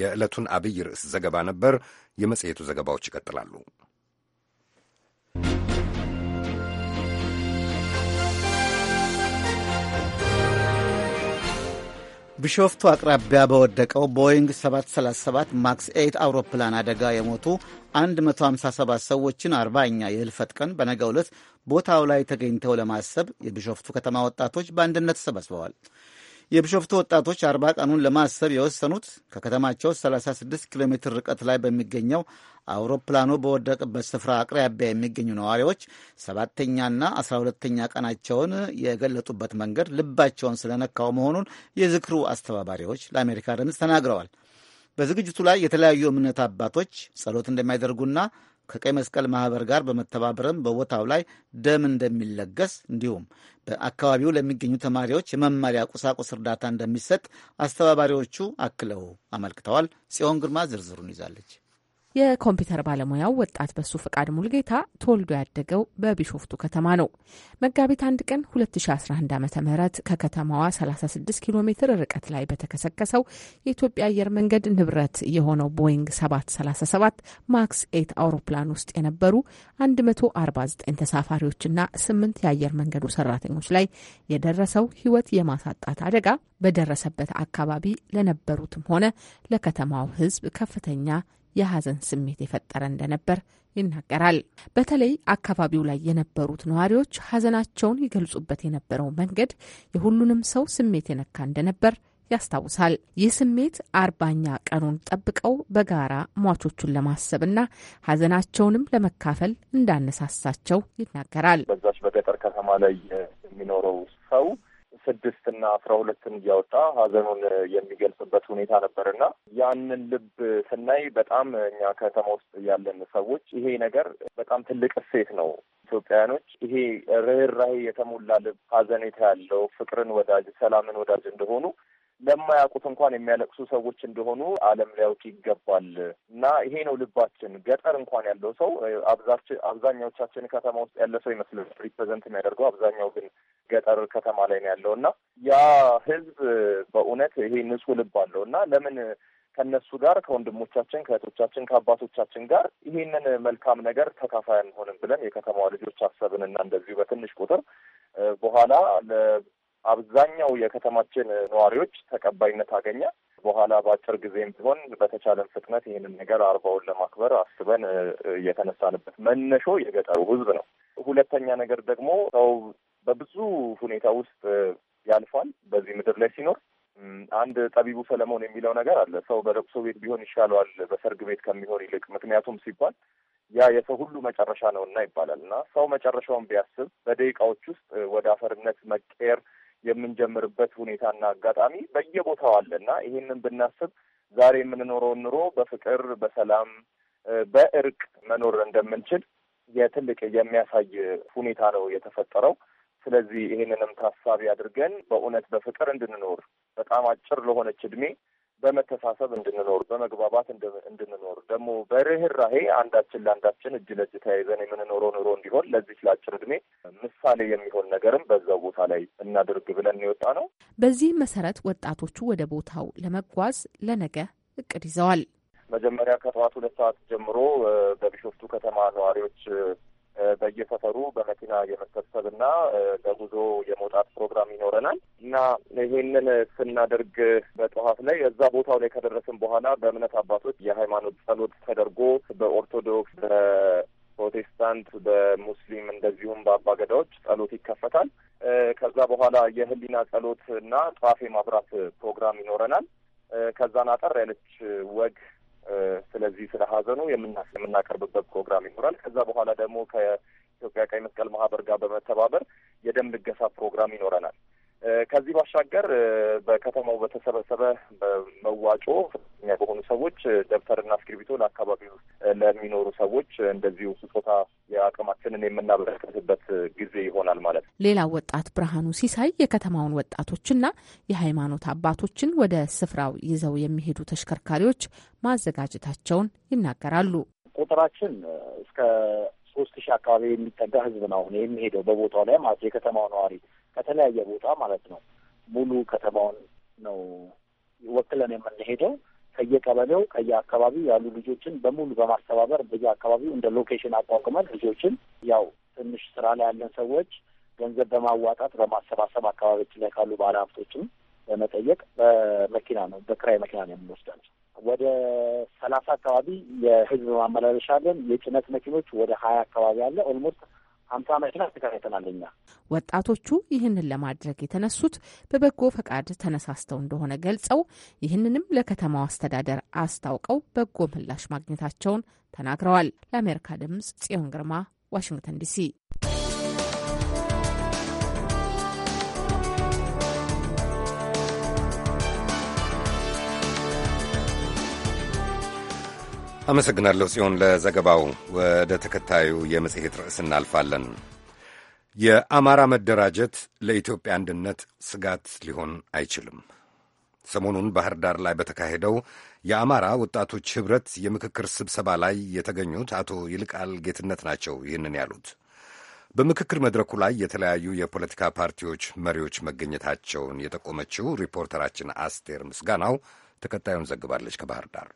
የዕለቱን አብይ ርዕስ ዘገባ ነበር። የመጽሔቱ ዘገባዎች ይቀጥላሉ። ቢሾፍቱ አቅራቢያ በወደቀው ቦይንግ 737 ማክስ 8 አውሮፕላን አደጋ የሞቱ 157 ሰዎችን አርባኛ የህልፈት ቀን በነገ ዕለት ቦታው ላይ ተገኝተው ለማሰብ የቢሾፍቱ ከተማ ወጣቶች በአንድነት ተሰባስበዋል። የቢሾፍቱ ወጣቶች አርባ ቀኑን ለማሰብ የወሰኑት ከከተማቸው 36 ኪሎ ሜትር ርቀት ላይ በሚገኘው አውሮፕላኑ በወደቀበት ስፍራ አቅራቢያ የሚገኙ ነዋሪዎች ሰባተኛና አስራ ሁለተኛ ቀናቸውን የገለጡበት መንገድ ልባቸውን ስለነካው መሆኑን የዝክሩ አስተባባሪዎች ለአሜሪካ ድምፅ ተናግረዋል። በዝግጅቱ ላይ የተለያዩ እምነት አባቶች ጸሎት እንደሚያደርጉና ከቀይ መስቀል ማህበር ጋር በመተባበርም በቦታው ላይ ደም እንደሚለገስ እንዲሁም በአካባቢው ለሚገኙ ተማሪዎች የመማሪያ ቁሳቁስ እርዳታ እንደሚሰጥ አስተባባሪዎቹ አክለው አመልክተዋል። ጽዮን ግርማ ዝርዝሩን ይዛለች። የኮምፒውተር ባለሙያው ወጣት በሱ ፈቃድ ሙልጌታ ተወልዶ ያደገው በቢሾፍቱ ከተማ ነው። መጋቢት አንድ ቀን 2011 ዓ ም ከከተማዋ 36 ኪሎ ሜትር ርቀት ላይ በተከሰከሰው የኢትዮጵያ አየር መንገድ ንብረት የሆነው ቦይንግ 737 ማክስ ኤት አውሮፕላን ውስጥ የነበሩ 149 ተሳፋሪዎችና 8 የአየር መንገዱ ሰራተኞች ላይ የደረሰው ህይወት የማሳጣት አደጋ በደረሰበት አካባቢ ለነበሩትም ሆነ ለከተማው ህዝብ ከፍተኛ የሐዘን ስሜት የፈጠረ እንደነበር ይናገራል። በተለይ አካባቢው ላይ የነበሩት ነዋሪዎች ሐዘናቸውን ይገልጹበት የነበረው መንገድ የሁሉንም ሰው ስሜት የነካ እንደነበር ያስታውሳል። ይህ ስሜት አርባኛ ቀኑን ጠብቀው በጋራ ሟቾቹን ለማሰብና ሐዘናቸውንም ለመካፈል እንዳነሳሳቸው ይናገራል። በዛች በገጠር ከተማ ላይ የሚኖረው ሰው ስድስት እና አስራ ሁለትን እያወጣ ሀዘኑን የሚገልጽበት ሁኔታ ነበር እና ያንን ልብ ስናይ በጣም እኛ ከተማ ውስጥ ያለን ሰዎች ይሄ ነገር በጣም ትልቅ እሴት ነው። ኢትዮጵያውያኖች ይሄ ርኅራሄ የተሞላ ልብ፣ ሀዘኔታ ያለው ፍቅርን ወዳጅ፣ ሰላምን ወዳጅ እንደሆኑ ለማያውቁት እንኳን የሚያለቅሱ ሰዎች እንደሆኑ ዓለም ሊያውቅ ይገባል እና ይሄ ነው ልባችን። ገጠር እንኳን ያለው ሰው አብዛኛዎቻችን ከተማ ውስጥ ያለ ሰው ይመስል ሪፕሬዘንት የሚያደርገው አብዛኛው ግን ገጠር ከተማ ላይ ነው ያለው እና ያ ህዝብ በእውነት ይሄ ንጹህ ልብ አለው እና ለምን ከእነሱ ጋር ከወንድሞቻችን ከእህቶቻችን ከአባቶቻችን ጋር ይህንን መልካም ነገር ተካፋይ አንሆንም ብለን የከተማዋ ልጆች አሰብን እና እንደዚሁ በትንሽ ቁጥር በኋላ አብዛኛው የከተማችን ነዋሪዎች ተቀባይነት አገኘ። በኋላ በአጭር ጊዜም ቢሆን በተቻለን ፍጥነት ይህንን ነገር አርባውን ለማክበር አስበን እየተነሳንበት መነሾ የገጠሩ ህዝብ ነው። ሁለተኛ ነገር ደግሞ ሰው በብዙ ሁኔታ ውስጥ ያልፋል በዚህ ምድር ላይ ሲኖር አንድ ጠቢቡ ሰለሞን የሚለው ነገር አለ። ሰው በለቅሶ ቤት ቢሆን ይሻለዋል በሰርግ ቤት ከሚሆን ይልቅ። ምክንያቱም ሲባል ያ የሰው ሁሉ መጨረሻ ነው እና ይባላል እና ሰው መጨረሻውን ቢያስብ በደቂቃዎች ውስጥ ወደ አፈርነት መቀየር የምንጀምርበት ሁኔታና አጋጣሚ በየቦታው አለና ይህንን ብናስብ ዛሬ የምንኖረውን ኑሮ በፍቅር በሰላም በእርቅ መኖር እንደምንችል የትልቅ የሚያሳይ ሁኔታ ነው የተፈጠረው። ስለዚህ ይህንንም ታሳቢ አድርገን በእውነት በፍቅር እንድንኖር በጣም አጭር ለሆነች እድሜ በመተሳሰብ እንድንኖር በመግባባት እንድንኖር ደግሞ በርህራሄ አንዳችን ለአንዳችን እጅ ለእጅ ተያይዘን የምንኖረው ኑሮ እንዲሆን ለዚህ ለአጭር እድሜ ምሳሌ የሚሆን ነገርም በዛው ቦታ ላይ እናድርግ ብለን የወጣ ነው። በዚህ መሰረት ወጣቶቹ ወደ ቦታው ለመጓዝ ለነገ እቅድ ይዘዋል። መጀመሪያ ከጠዋት ሁለት ሰዓት ጀምሮ በቢሾፍቱ ከተማ ነዋሪዎች በየሰፈሩ በመኪና የመሰብሰብ እና ለጉዞ የመውጣት ፕሮግራም ይኖረናል እና ይሄንን ስናደርግ በጠዋት ላይ እዛ ቦታው ላይ ከደረስን በኋላ በእምነት አባቶች የሃይማኖት ጸሎት ተደርጎ በኦርቶዶክስ፣ በፕሮቴስታንት፣ በሙስሊም እንደዚሁም በአባገዳዎች ጸሎት ይከፈታል። ከዛ በኋላ የህሊና ጸሎት እና ጧፍ የማብራት ፕሮግራም ይኖረናል። ከዛን አጠር ያለች ወግ ስለዚህ ስለ ሀዘኑ የምናቀርብበት ፕሮግራም ይኖራል። ከዛ በኋላ ደግሞ ከኢትዮጵያ ቀይ መስቀል ማህበር ጋር በመተባበር የደም ልገሳ ፕሮግራም ይኖረናል። ከዚህ ባሻገር በከተማው በተሰበሰበ መዋጮ ፈቃደኛ በሆኑ ሰዎች ደብተርና እስክሪብቶ ለአካባቢው ለሚኖሩ ሰዎች እንደዚሁ ስጦታ የአቅማችንን የምናበረከትበት ጊዜ ይሆናል ማለት ነው። ሌላው ወጣት ብርሃኑ ሲሳይ የከተማውን ወጣቶችና የሃይማኖት አባቶችን ወደ ስፍራው ይዘው የሚሄዱ ተሽከርካሪዎች ማዘጋጀታቸውን ይናገራሉ። ቁጥራችን እስከ ሶስት ሺህ አካባቢ የሚጠጋ ህዝብ ነው አሁን የሚሄደው በቦታው ላይ ማለት የከተማው ነዋሪ ከተለያየ ቦታ ማለት ነው ሙሉ ከተማውን ነው ወክለን የምንሄደው። ከየቀበሌው ከየአካባቢው ያሉ ልጆችን በሙሉ በማስተባበር በየአካባቢው እንደ ሎኬሽን አቋቁመን ልጆችን ያው ትንሽ ስራ ላይ ያለን ሰዎች ገንዘብ በማዋጣት በማሰባሰብ አካባቢዎች ላይ ካሉ ባለ ሀብቶችም በመጠየቅ በመኪና ነው በክራይ መኪና ነው የምንወስዳቸው። ወደ ሰላሳ አካባቢ የህዝብ ማመላለሻ አለን። የጭነት መኪኖች ወደ ሀያ አካባቢ አለ ኦልሞስት ሀምሳ መኪና ተከራይተናል እኛ። ወጣቶቹ ይህንን ለማድረግ የተነሱት በበጎ ፈቃድ ተነሳስተው እንደሆነ ገልጸው ይህንንም ለከተማው አስተዳደር አስታውቀው በጎ ምላሽ ማግኘታቸውን ተናግረዋል። ለአሜሪካ ድምጽ ጽዮን ግርማ ዋሽንግተን ዲሲ። አመሰግናለሁ ጽዮን ለዘገባው። ወደ ተከታዩ የመጽሔት ርዕስ እናልፋለን። የአማራ መደራጀት ለኢትዮጵያ አንድነት ስጋት ሊሆን አይችልም። ሰሞኑን ባህር ዳር ላይ በተካሄደው የአማራ ወጣቶች ኅብረት የምክክር ስብሰባ ላይ የተገኙት አቶ ይልቃል ጌትነት ናቸው ይህንን ያሉት። በምክክር መድረኩ ላይ የተለያዩ የፖለቲካ ፓርቲዎች መሪዎች መገኘታቸውን የጠቆመችው ሪፖርተራችን አስቴር ምስጋናው ተከታዩን ዘግባለች ከባህር ዳር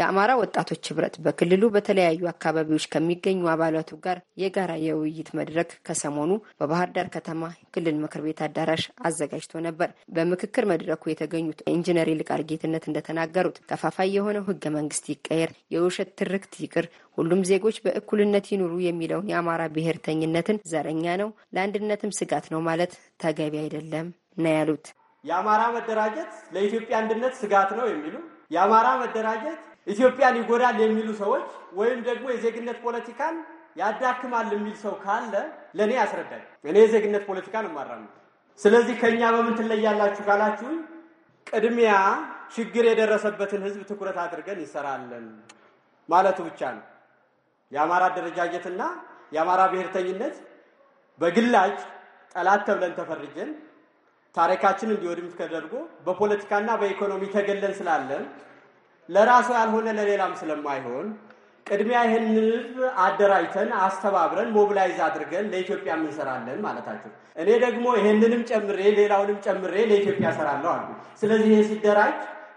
የአማራ ወጣቶች ህብረት በክልሉ በተለያዩ አካባቢዎች ከሚገኙ አባላቱ ጋር የጋራ የውይይት መድረክ ከሰሞኑ በባህር ዳር ከተማ ክልል ምክር ቤት አዳራሽ አዘጋጅቶ ነበር። በምክክር መድረኩ የተገኙት ኢንጂነር ይልቃል ጌትነት እንደተናገሩት ከፋፋይ የሆነው ህገ መንግስት ይቀየር፣ የውሸት ትርክት ይቅር፣ ሁሉም ዜጎች በእኩልነት ይኑሩ የሚለውን የአማራ ብሔርተኝነትን ዘረኛ ነው፣ ለአንድነትም ስጋት ነው ማለት ተገቢ አይደለም ነው ያሉት። የአማራ መደራጀት ለኢትዮጵያ አንድነት ስጋት ነው የሚሉ የአማራ መደራጀት ኢትዮጵያን ይጎዳል የሚሉ ሰዎች ወይም ደግሞ የዜግነት ፖለቲካን ያዳክማል የሚል ሰው ካለ ለእኔ ያስረዳል። እኔ የዜግነት ፖለቲካን እማራለሁ። ስለዚህ ከእኛ በምን ትለያላችሁ ካላችሁ ቅድሚያ ችግር የደረሰበትን ህዝብ ትኩረት አድርገን ይሰራለን ማለቱ ብቻ ነው። የአማራ አደረጃጀትና የአማራ ብሔርተኝነት በግላጭ ጠላት ተብለን ተፈርጀን ታሪካችን እንዲወድም ተደርጎ በፖለቲካና በኢኮኖሚ ተገለን ስላለን ለራሱ ያልሆነ ለሌላም ስለማይሆን ቅድሚያ ይህን ህዝብ አደራጅተን አስተባብረን ሞቢላይዝ አድርገን ለኢትዮጵያ እንሰራለን ማለታቸው። እኔ ደግሞ ይህንንም ጨምሬ ሌላውንም ጨምሬ ለኢትዮጵያ እሰራለሁ አሉ። ስለዚህ ይህ ሲደራጅ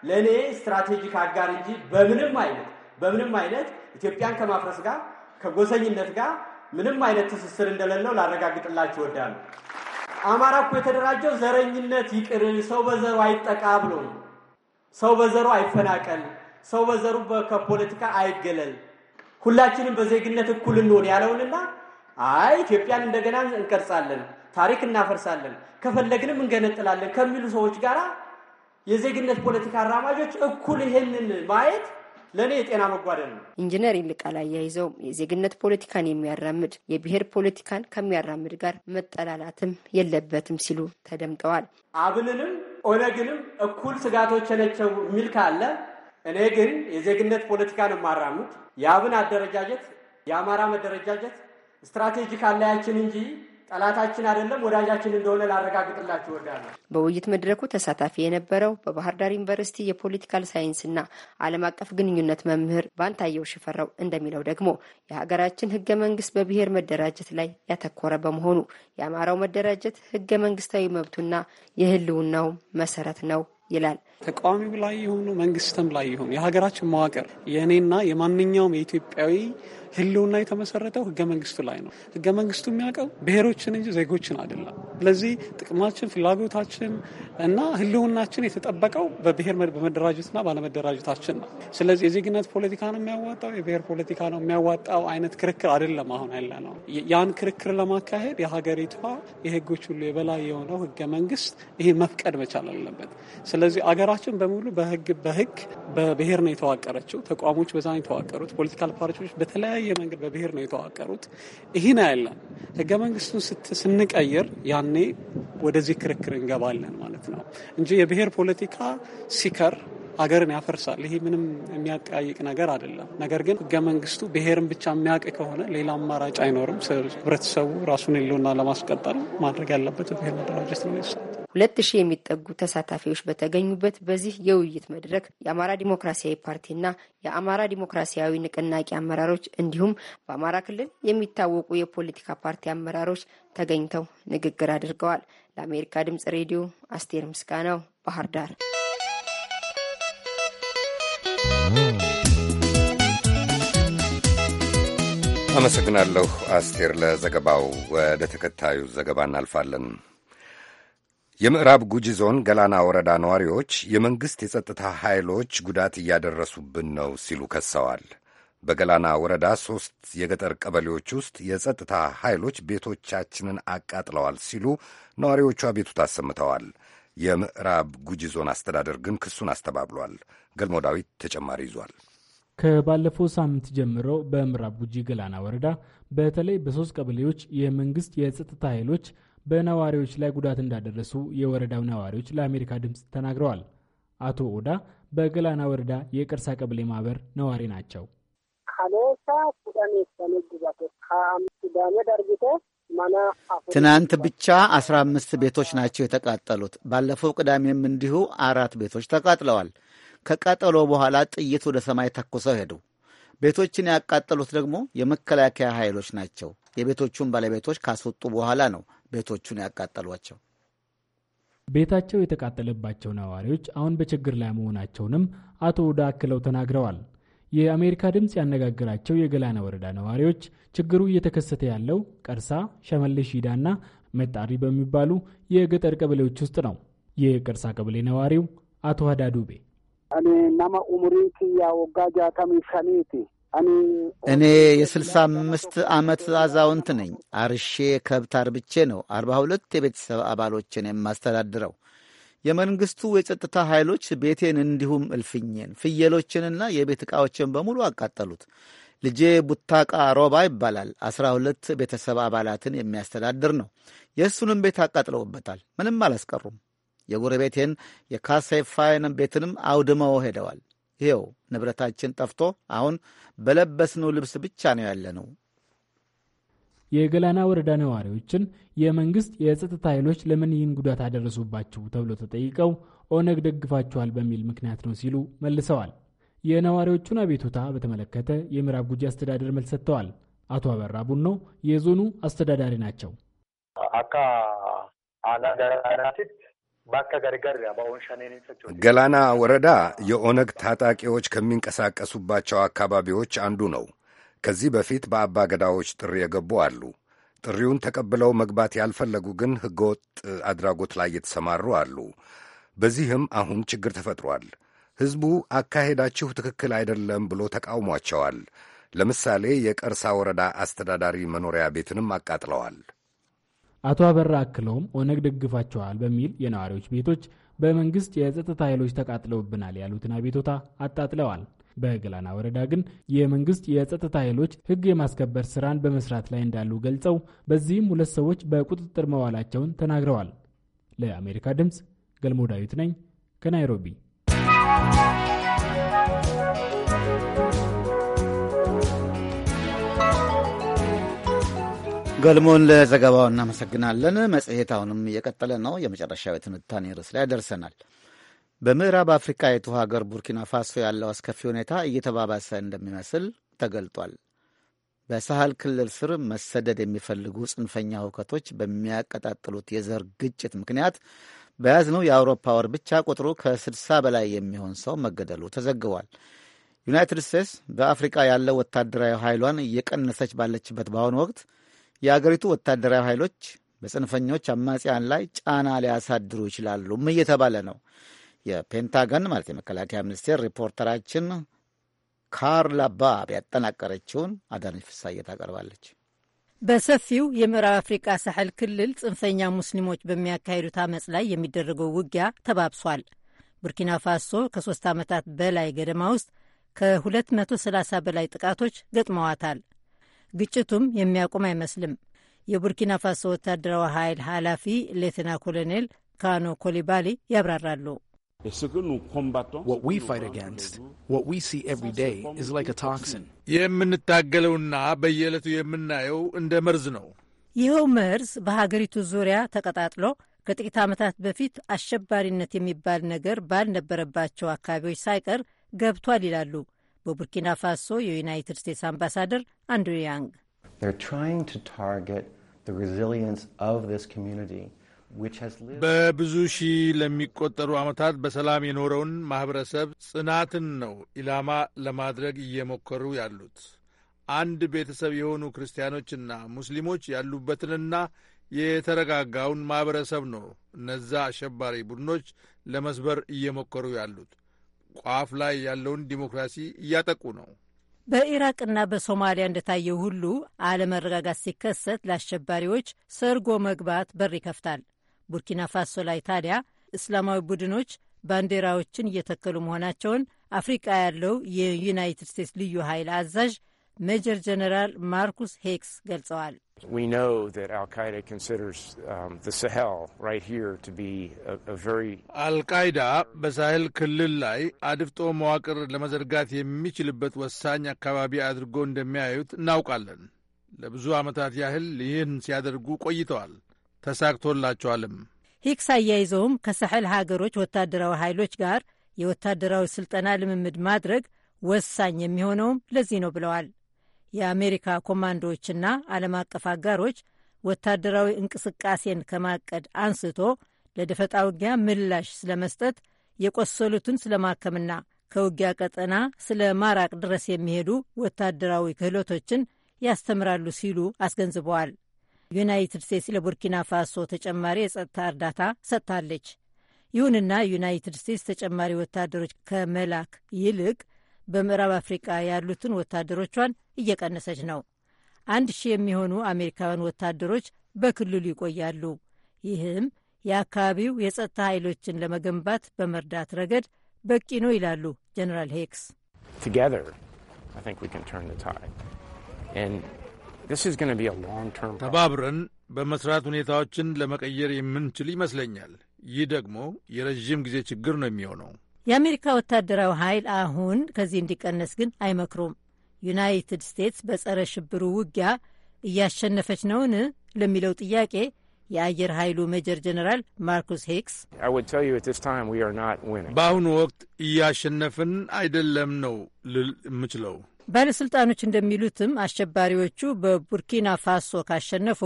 ለእኔ ስትራቴጂክ አጋር እንጂ በምንም አይነት በምንም አይነት ኢትዮጵያን ከማፍረስ ጋር ከጎሰኝነት ጋር ምንም አይነት ትስስር እንደሌለው ላረጋግጥላችሁ እወዳለሁ። አማራ እኮ የተደራጀው ዘረኝነት ይቅር፣ ሰው በዘሩ አይጠቃ ብሎ ነው። ሰው በዘሩ አይፈናቀል፣ ሰው በዘሩ ከፖለቲካ አይገለል፣ ሁላችንም በዜግነት እኩል እንሆን ያለውንና አይ ኢትዮጵያን እንደገና እንቀርጻለን፣ ታሪክ እናፈርሳለን፣ ከፈለግንም እንገነጥላለን ከሚሉ ሰዎች ጋር የዜግነት ፖለቲካ አራማጆች እኩል ይሄንን ማየት ለእኔ የጤና መጓደል ነው። ኢንጂነር ይልቃል አያይዘው የዜግነት ፖለቲካን የሚያራምድ የብሔር ፖለቲካን ከሚያራምድ ጋር መጠላላትም የለበትም ሲሉ ተደምጠዋል። አብንንም ኦነግንም እኩል ስጋቶች ናቸው የሚል ካለ እኔ ግን የዜግነት ፖለቲካን የማራምድ የአብን አደረጃጀት የአማራ መደረጃጀት ስትራቴጂክ አለያችን እንጂ ጠላታችን አይደለም ወዳጃችን እንደሆነ ላረጋግጥላችሁ እወዳለሁ። በውይይት መድረኩ ተሳታፊ የነበረው በባህር ዳር ዩኒቨርሲቲ የፖለቲካል ሳይንስና ዓለም አቀፍ ግንኙነት መምህር ባንታየው ሽፈራው እንደሚለው ደግሞ የሀገራችን ህገ መንግስት በብሔር መደራጀት ላይ ያተኮረ በመሆኑ የአማራው መደራጀት ህገ መንግስታዊ መብቱና የህልውናው መሰረት ነው ይላል። ተቃዋሚም ላይ የሆኑ መንግስትም ላይ ይሁን የሀገራችን መዋቅር የእኔና የማንኛውም የኢትዮጵያዊ ህልውና የተመሰረተው ህገ መንግስቱ ላይ ነው። ህገ መንግስቱ የሚያውቀው ብሔሮችን እንጂ ዜጎችን አይደለም። ስለዚህ ጥቅማችን፣ ፍላጎታችን እና ህልውናችን የተጠበቀው በብሔር በመደራጀትና ባለመደራጀታችን ነው። ስለዚህ የዜግነት ፖለቲካ ነው የሚያዋጣው፣ የብሔር ፖለቲካ ነው የሚያዋጣው አይነት ክርክር አይደለም። አሁን ያለ ነው። ያን ክርክር ለማካሄድ የሀገሪቷ የህጎች ሁሉ የበላይ የሆነው ህገ መንግስት ይሄ መፍቀድ መቻል አለበት። ስለዚህ አገራችን በሙሉ በህግ በህግ በብሔር ነው የተዋቀረችው። ተቋሞች በዛ የተዋቀሩት ፖለቲካል ፓርቲዎች በተለያየ በተለያየ መንገድ በብሔር ነው የተዋቀሩት። ይህን አያለን። ህገ መንግስቱን ስንቀይር ያኔ ወደዚህ ክርክር እንገባለን ማለት ነው እንጂ የብሔር ፖለቲካ ሲከር ሀገርን ያፈርሳል። ይሄ ምንም የሚያጠያይቅ ነገር አይደለም። ነገር ግን ህገ መንግስቱ ብሔርን ብቻ የሚያውቅ ከሆነ ሌላ አማራጭ አይኖርም። ህብረተሰቡ ራሱን ህልውና ለማስቀጠል ማድረግ ያለበት ብሔር መደራጀት ነው። ሁለት ሺህ የሚጠጉ ተሳታፊዎች በተገኙበት በዚህ የውይይት መድረክ የአማራ ዲሞክራሲያዊ ፓርቲና የአማራ ዲሞክራሲያዊ ንቅናቄ አመራሮች እንዲሁም በአማራ ክልል የሚታወቁ የፖለቲካ ፓርቲ አመራሮች ተገኝተው ንግግር አድርገዋል። ለአሜሪካ ድምጽ ሬዲዮ አስቴር ምስጋናው ባህር ዳር። አመሰግናለሁ አስቴር ለዘገባው። ወደ ተከታዩ ዘገባ እናልፋለን። የምዕራብ ጉጂ ዞን ገላና ወረዳ ነዋሪዎች የመንግሥት የጸጥታ ኃይሎች ጉዳት እያደረሱብን ነው ሲሉ ከሰዋል። በገላና ወረዳ ሦስት የገጠር ቀበሌዎች ውስጥ የጸጥታ ኃይሎች ቤቶቻችንን አቃጥለዋል ሲሉ ነዋሪዎቹ አቤቱታ አሰምተዋል። የምዕራብ ጉጂ ዞን አስተዳደር ግን ክሱን አስተባብሏል። ገልሞ ዳዊት ተጨማሪ ይዟል። ከባለፈው ሳምንት ጀምሮ በምዕራብ ጉጂ ገላና ወረዳ በተለይ በሶስት ቀበሌዎች የመንግስት የጸጥታ ኃይሎች በነዋሪዎች ላይ ጉዳት እንዳደረሱ የወረዳው ነዋሪዎች ለአሜሪካ ድምፅ ተናግረዋል። አቶ ኦዳ በገላና ወረዳ የቅርሳ ቀበሌ ማህበር ነዋሪ ናቸው። ትናንት ብቻ አስራ አምስት ቤቶች ናቸው የተቃጠሉት። ባለፈው ቅዳሜም እንዲሁ አራት ቤቶች ተቃጥለዋል። ከቃጠሎ በኋላ ጥይት ወደ ሰማይ ተኩሰው ሄዱ። ቤቶችን ያቃጠሉት ደግሞ የመከላከያ ኃይሎች ናቸው። የቤቶቹን ባለቤቶች ካስወጡ በኋላ ነው ቤቶቹን ያቃጠሏቸው። ቤታቸው የተቃጠለባቸው ነዋሪዎች አሁን በችግር ላይ መሆናቸውንም አቶ ውዳ አክለው ተናግረዋል። የአሜሪካ ድምፅ ያነጋገራቸው የገላና ወረዳ ነዋሪዎች ችግሩ እየተከሰተ ያለው ቀርሳ፣ ሸመልሽ ሂዳና መጣሪ በሚባሉ የገጠር ቀበሌዎች ውስጥ ነው። የቀርሳ ቀበሌ ነዋሪው አቶ ሀዳዱቤ ናማ እኔ የስልሳ አምስት ዓመት አዛውንት ነኝ። አርሼ ከብት አርብቼ ነው አርባ ሁለት የቤተሰብ አባሎችን የማስተዳድረው። የመንግሥቱ የጸጥታ ኃይሎች ቤቴን እንዲሁም እልፍኝን፣ ፍየሎችንና የቤት ዕቃዎችን በሙሉ አቃጠሉት። ልጄ ቡታቃ ሮባ ይባላል። አስራ ሁለት ቤተሰብ አባላትን የሚያስተዳድር ነው። የእሱንም ቤት አቃጥለውበታል። ምንም አላስቀሩም። የጎረቤቴን የካሴፋይን ቤትንም አውድመው ሄደዋል። ይኸው ንብረታችን ጠፍቶ አሁን በለበስነው ልብስ ብቻ ነው ያለነው። የገላና ወረዳ ነዋሪዎችን የመንግስት የጸጥታ ኃይሎች ለምን ይህን ጉዳት አደረሱባችሁ ተብሎ ተጠይቀው ኦነግ ደግፋችኋል በሚል ምክንያት ነው ሲሉ መልሰዋል። የነዋሪዎቹን አቤቱታ በተመለከተ የምዕራብ ጉጂ አስተዳደር መልስ ሰጥተዋል። አቶ አበራ ቡኖ የዞኑ አስተዳዳሪ ናቸው። አካ ገላና ወረዳ የኦነግ ታጣቂዎች ከሚንቀሳቀሱባቸው አካባቢዎች አንዱ ነው። ከዚህ በፊት በአባ ገዳዎች ጥሪ የገቡ አሉ። ጥሪውን ተቀብለው መግባት ያልፈለጉ ግን ሕገወጥ አድራጎት ላይ የተሰማሩ አሉ። በዚህም አሁን ችግር ተፈጥሯል። ሕዝቡ አካሄዳችሁ ትክክል አይደለም ብሎ ተቃውሟቸዋል። ለምሳሌ የቀርሳ ወረዳ አስተዳዳሪ መኖሪያ ቤትንም አቃጥለዋል። አቶ አበራ አክለውም ኦነግ ደግፋቸዋል በሚል የነዋሪዎች ቤቶች በመንግስት የጸጥታ ኃይሎች ተቃጥለውብናል ያሉትን አቤቶታ አጣጥለዋል። በገላና ወረዳ ግን የመንግስት የጸጥታ ኃይሎች ህግ የማስከበር ስራን በመስራት ላይ እንዳሉ ገልጸው በዚህም ሁለት ሰዎች በቁጥጥር መዋላቸውን ተናግረዋል። ለአሜሪካ ድምፅ ገልሞ ዳዊት ነኝ ከናይሮቢ። ገልሞን ለዘገባው እናመሰግናለን። መጽሔት አሁንም እየቀጠለ ነው። የመጨረሻው የትንታኔ ርዕስ ላይ ደርሰናል። በምዕራብ አፍሪካ የቱ ሀገር ቡርኪና ፋሶ ያለው አስከፊ ሁኔታ እየተባባሰ እንደሚመስል ተገልጧል። በሳህል ክልል ስር መሰደድ የሚፈልጉ ጽንፈኛ ሁከቶች በሚያቀጣጥሉት የዘር ግጭት ምክንያት በያዝነው የአውሮፓ ወር ብቻ ቁጥሩ ከ60 በላይ የሚሆን ሰው መገደሉ ተዘግቧል። ዩናይትድ ስቴትስ በአፍሪቃ ያለው ወታደራዊ ኃይሏን እየቀነሰች ባለችበት በአሁኑ ወቅት የአገሪቱ ወታደራዊ ኃይሎች በጽንፈኞች አማጽያን ላይ ጫና ሊያሳድሩ ይችላሉም እየተባለ ነው። የፔንታገን ማለት የመከላከያ ሚኒስቴር ሪፖርተራችን ካርላ ባብ ያጠናቀረችውን አዳነች ፍሳዬ ታቀርባለች። በሰፊው የምዕራብ አፍሪቃ ሳሕል ክልል ጽንፈኛ ሙስሊሞች በሚያካሂዱት አመፅ ላይ የሚደረገው ውጊያ ተባብሷል። ቡርኪና ፋሶ ከሶስት ዓመታት በላይ ገደማ ውስጥ ከ230 በላይ ጥቃቶች ገጥመዋታል። ግጭቱም የሚያቆም አይመስልም። የቡርኪና ፋሶ ወታደራዊ ኃይል ኃላፊ ሌተና ኮሎኔል ካኖ ኮሊባሊ ያብራራሉ። የምንታገለውና በየዕለቱ የምናየው እንደ መርዝ ነው። ይኸው መርዝ በሀገሪቱ ዙሪያ ተቀጣጥሎ ከጥቂት ዓመታት በፊት አሸባሪነት የሚባል ነገር ባልነበረባቸው አካባቢዎች ሳይቀር ገብቷል ይላሉ በቡርኪና ፋሶ የዩናይትድ ስቴትስ አምባሳደር አንድሪው ያንግ በብዙ ሺህ ለሚቆጠሩ ዓመታት በሰላም የኖረውን ማኅበረሰብ ጽናትን ነው ኢላማ ለማድረግ እየሞከሩ ያሉት። አንድ ቤተሰብ የሆኑ ክርስቲያኖችና ሙስሊሞች ያሉበትንና የተረጋጋውን ማኅበረሰብ ነው እነዛ አሸባሪ ቡድኖች ለመስበር እየሞከሩ ያሉት። ቋፍ ላይ ያለውን ዲሞክራሲ እያጠቁ ነው። በኢራቅና በሶማሊያ እንደታየው ሁሉ አለመረጋጋት ሲከሰት ለአሸባሪዎች ሰርጎ መግባት በር ይከፍታል። ቡርኪና ፋሶ ላይ ታዲያ እስላማዊ ቡድኖች ባንዲራዎችን እየተከሉ መሆናቸውን አፍሪቃ ያለው የዩናይትድ ስቴትስ ልዩ ኃይል አዛዥ ሜጀር ጀነራል ማርኩስ ሄክስ ገልጸዋል። አልቃይዳ um, በሳሄል ክልል ላይ አድፍጦ መዋቅር ለመዘርጋት የሚችልበት ወሳኝ አካባቢ አድርጎ እንደሚያዩት እናውቃለን። ለብዙ ዓመታት ያህል ይህን ሲያደርጉ ቆይተዋል። ተሳክቶላቸዋልም። ሂክስ አያይዘውም ከሳሕል ሀገሮች ወታደራዊ ኃይሎች ጋር የወታደራዊ ስልጠና ልምምድ ማድረግ ወሳኝ የሚሆነውም ለዚህ ነው ብለዋል። የአሜሪካ ኮማንዶዎችና ዓለም አቀፍ አጋሮች ወታደራዊ እንቅስቃሴን ከማቀድ አንስቶ ለደፈጣ ውጊያ ምላሽ ስለመስጠት፣ የቆሰሉትን ስለማከምና ከውጊያ ቀጠና ስለ ማራቅ ድረስ የሚሄዱ ወታደራዊ ክህሎቶችን ያስተምራሉ ሲሉ አስገንዝበዋል። ዩናይትድ ስቴትስ ለቡርኪና ፋሶ ተጨማሪ የጸጥታ እርዳታ ሰጥታለች። ይሁንና ዩናይትድ ስቴትስ ተጨማሪ ወታደሮች ከመላክ ይልቅ በምዕራብ አፍሪቃ ያሉትን ወታደሮቿን እየቀነሰች ነው። አንድ ሺህ የሚሆኑ አሜሪካውያን ወታደሮች በክልሉ ይቆያሉ። ይህም የአካባቢው የጸጥታ ኃይሎችን ለመገንባት በመርዳት ረገድ በቂ ነው ይላሉ ጀኔራል ሄክስ። ተባብረን በመስራት ሁኔታዎችን ለመቀየር የምንችል ይመስለኛል። ይህ ደግሞ የረዥም ጊዜ ችግር ነው የሚሆነው። የአሜሪካ ወታደራዊ ኃይል አሁን ከዚህ እንዲቀነስ ግን አይመክሩም። ዩናይትድ ስቴትስ በጸረ ሽብሩ ውጊያ እያሸነፈች ነውን ለሚለው ጥያቄ የአየር ኃይሉ ሜጀር ጀነራል ማርኩስ ሂክስ በአሁኑ ወቅት እያሸነፍን አይደለም ነው ልል የምችለው። ባለሥልጣኖች እንደሚሉትም አሸባሪዎቹ በቡርኪና ፋሶ ካሸነፉ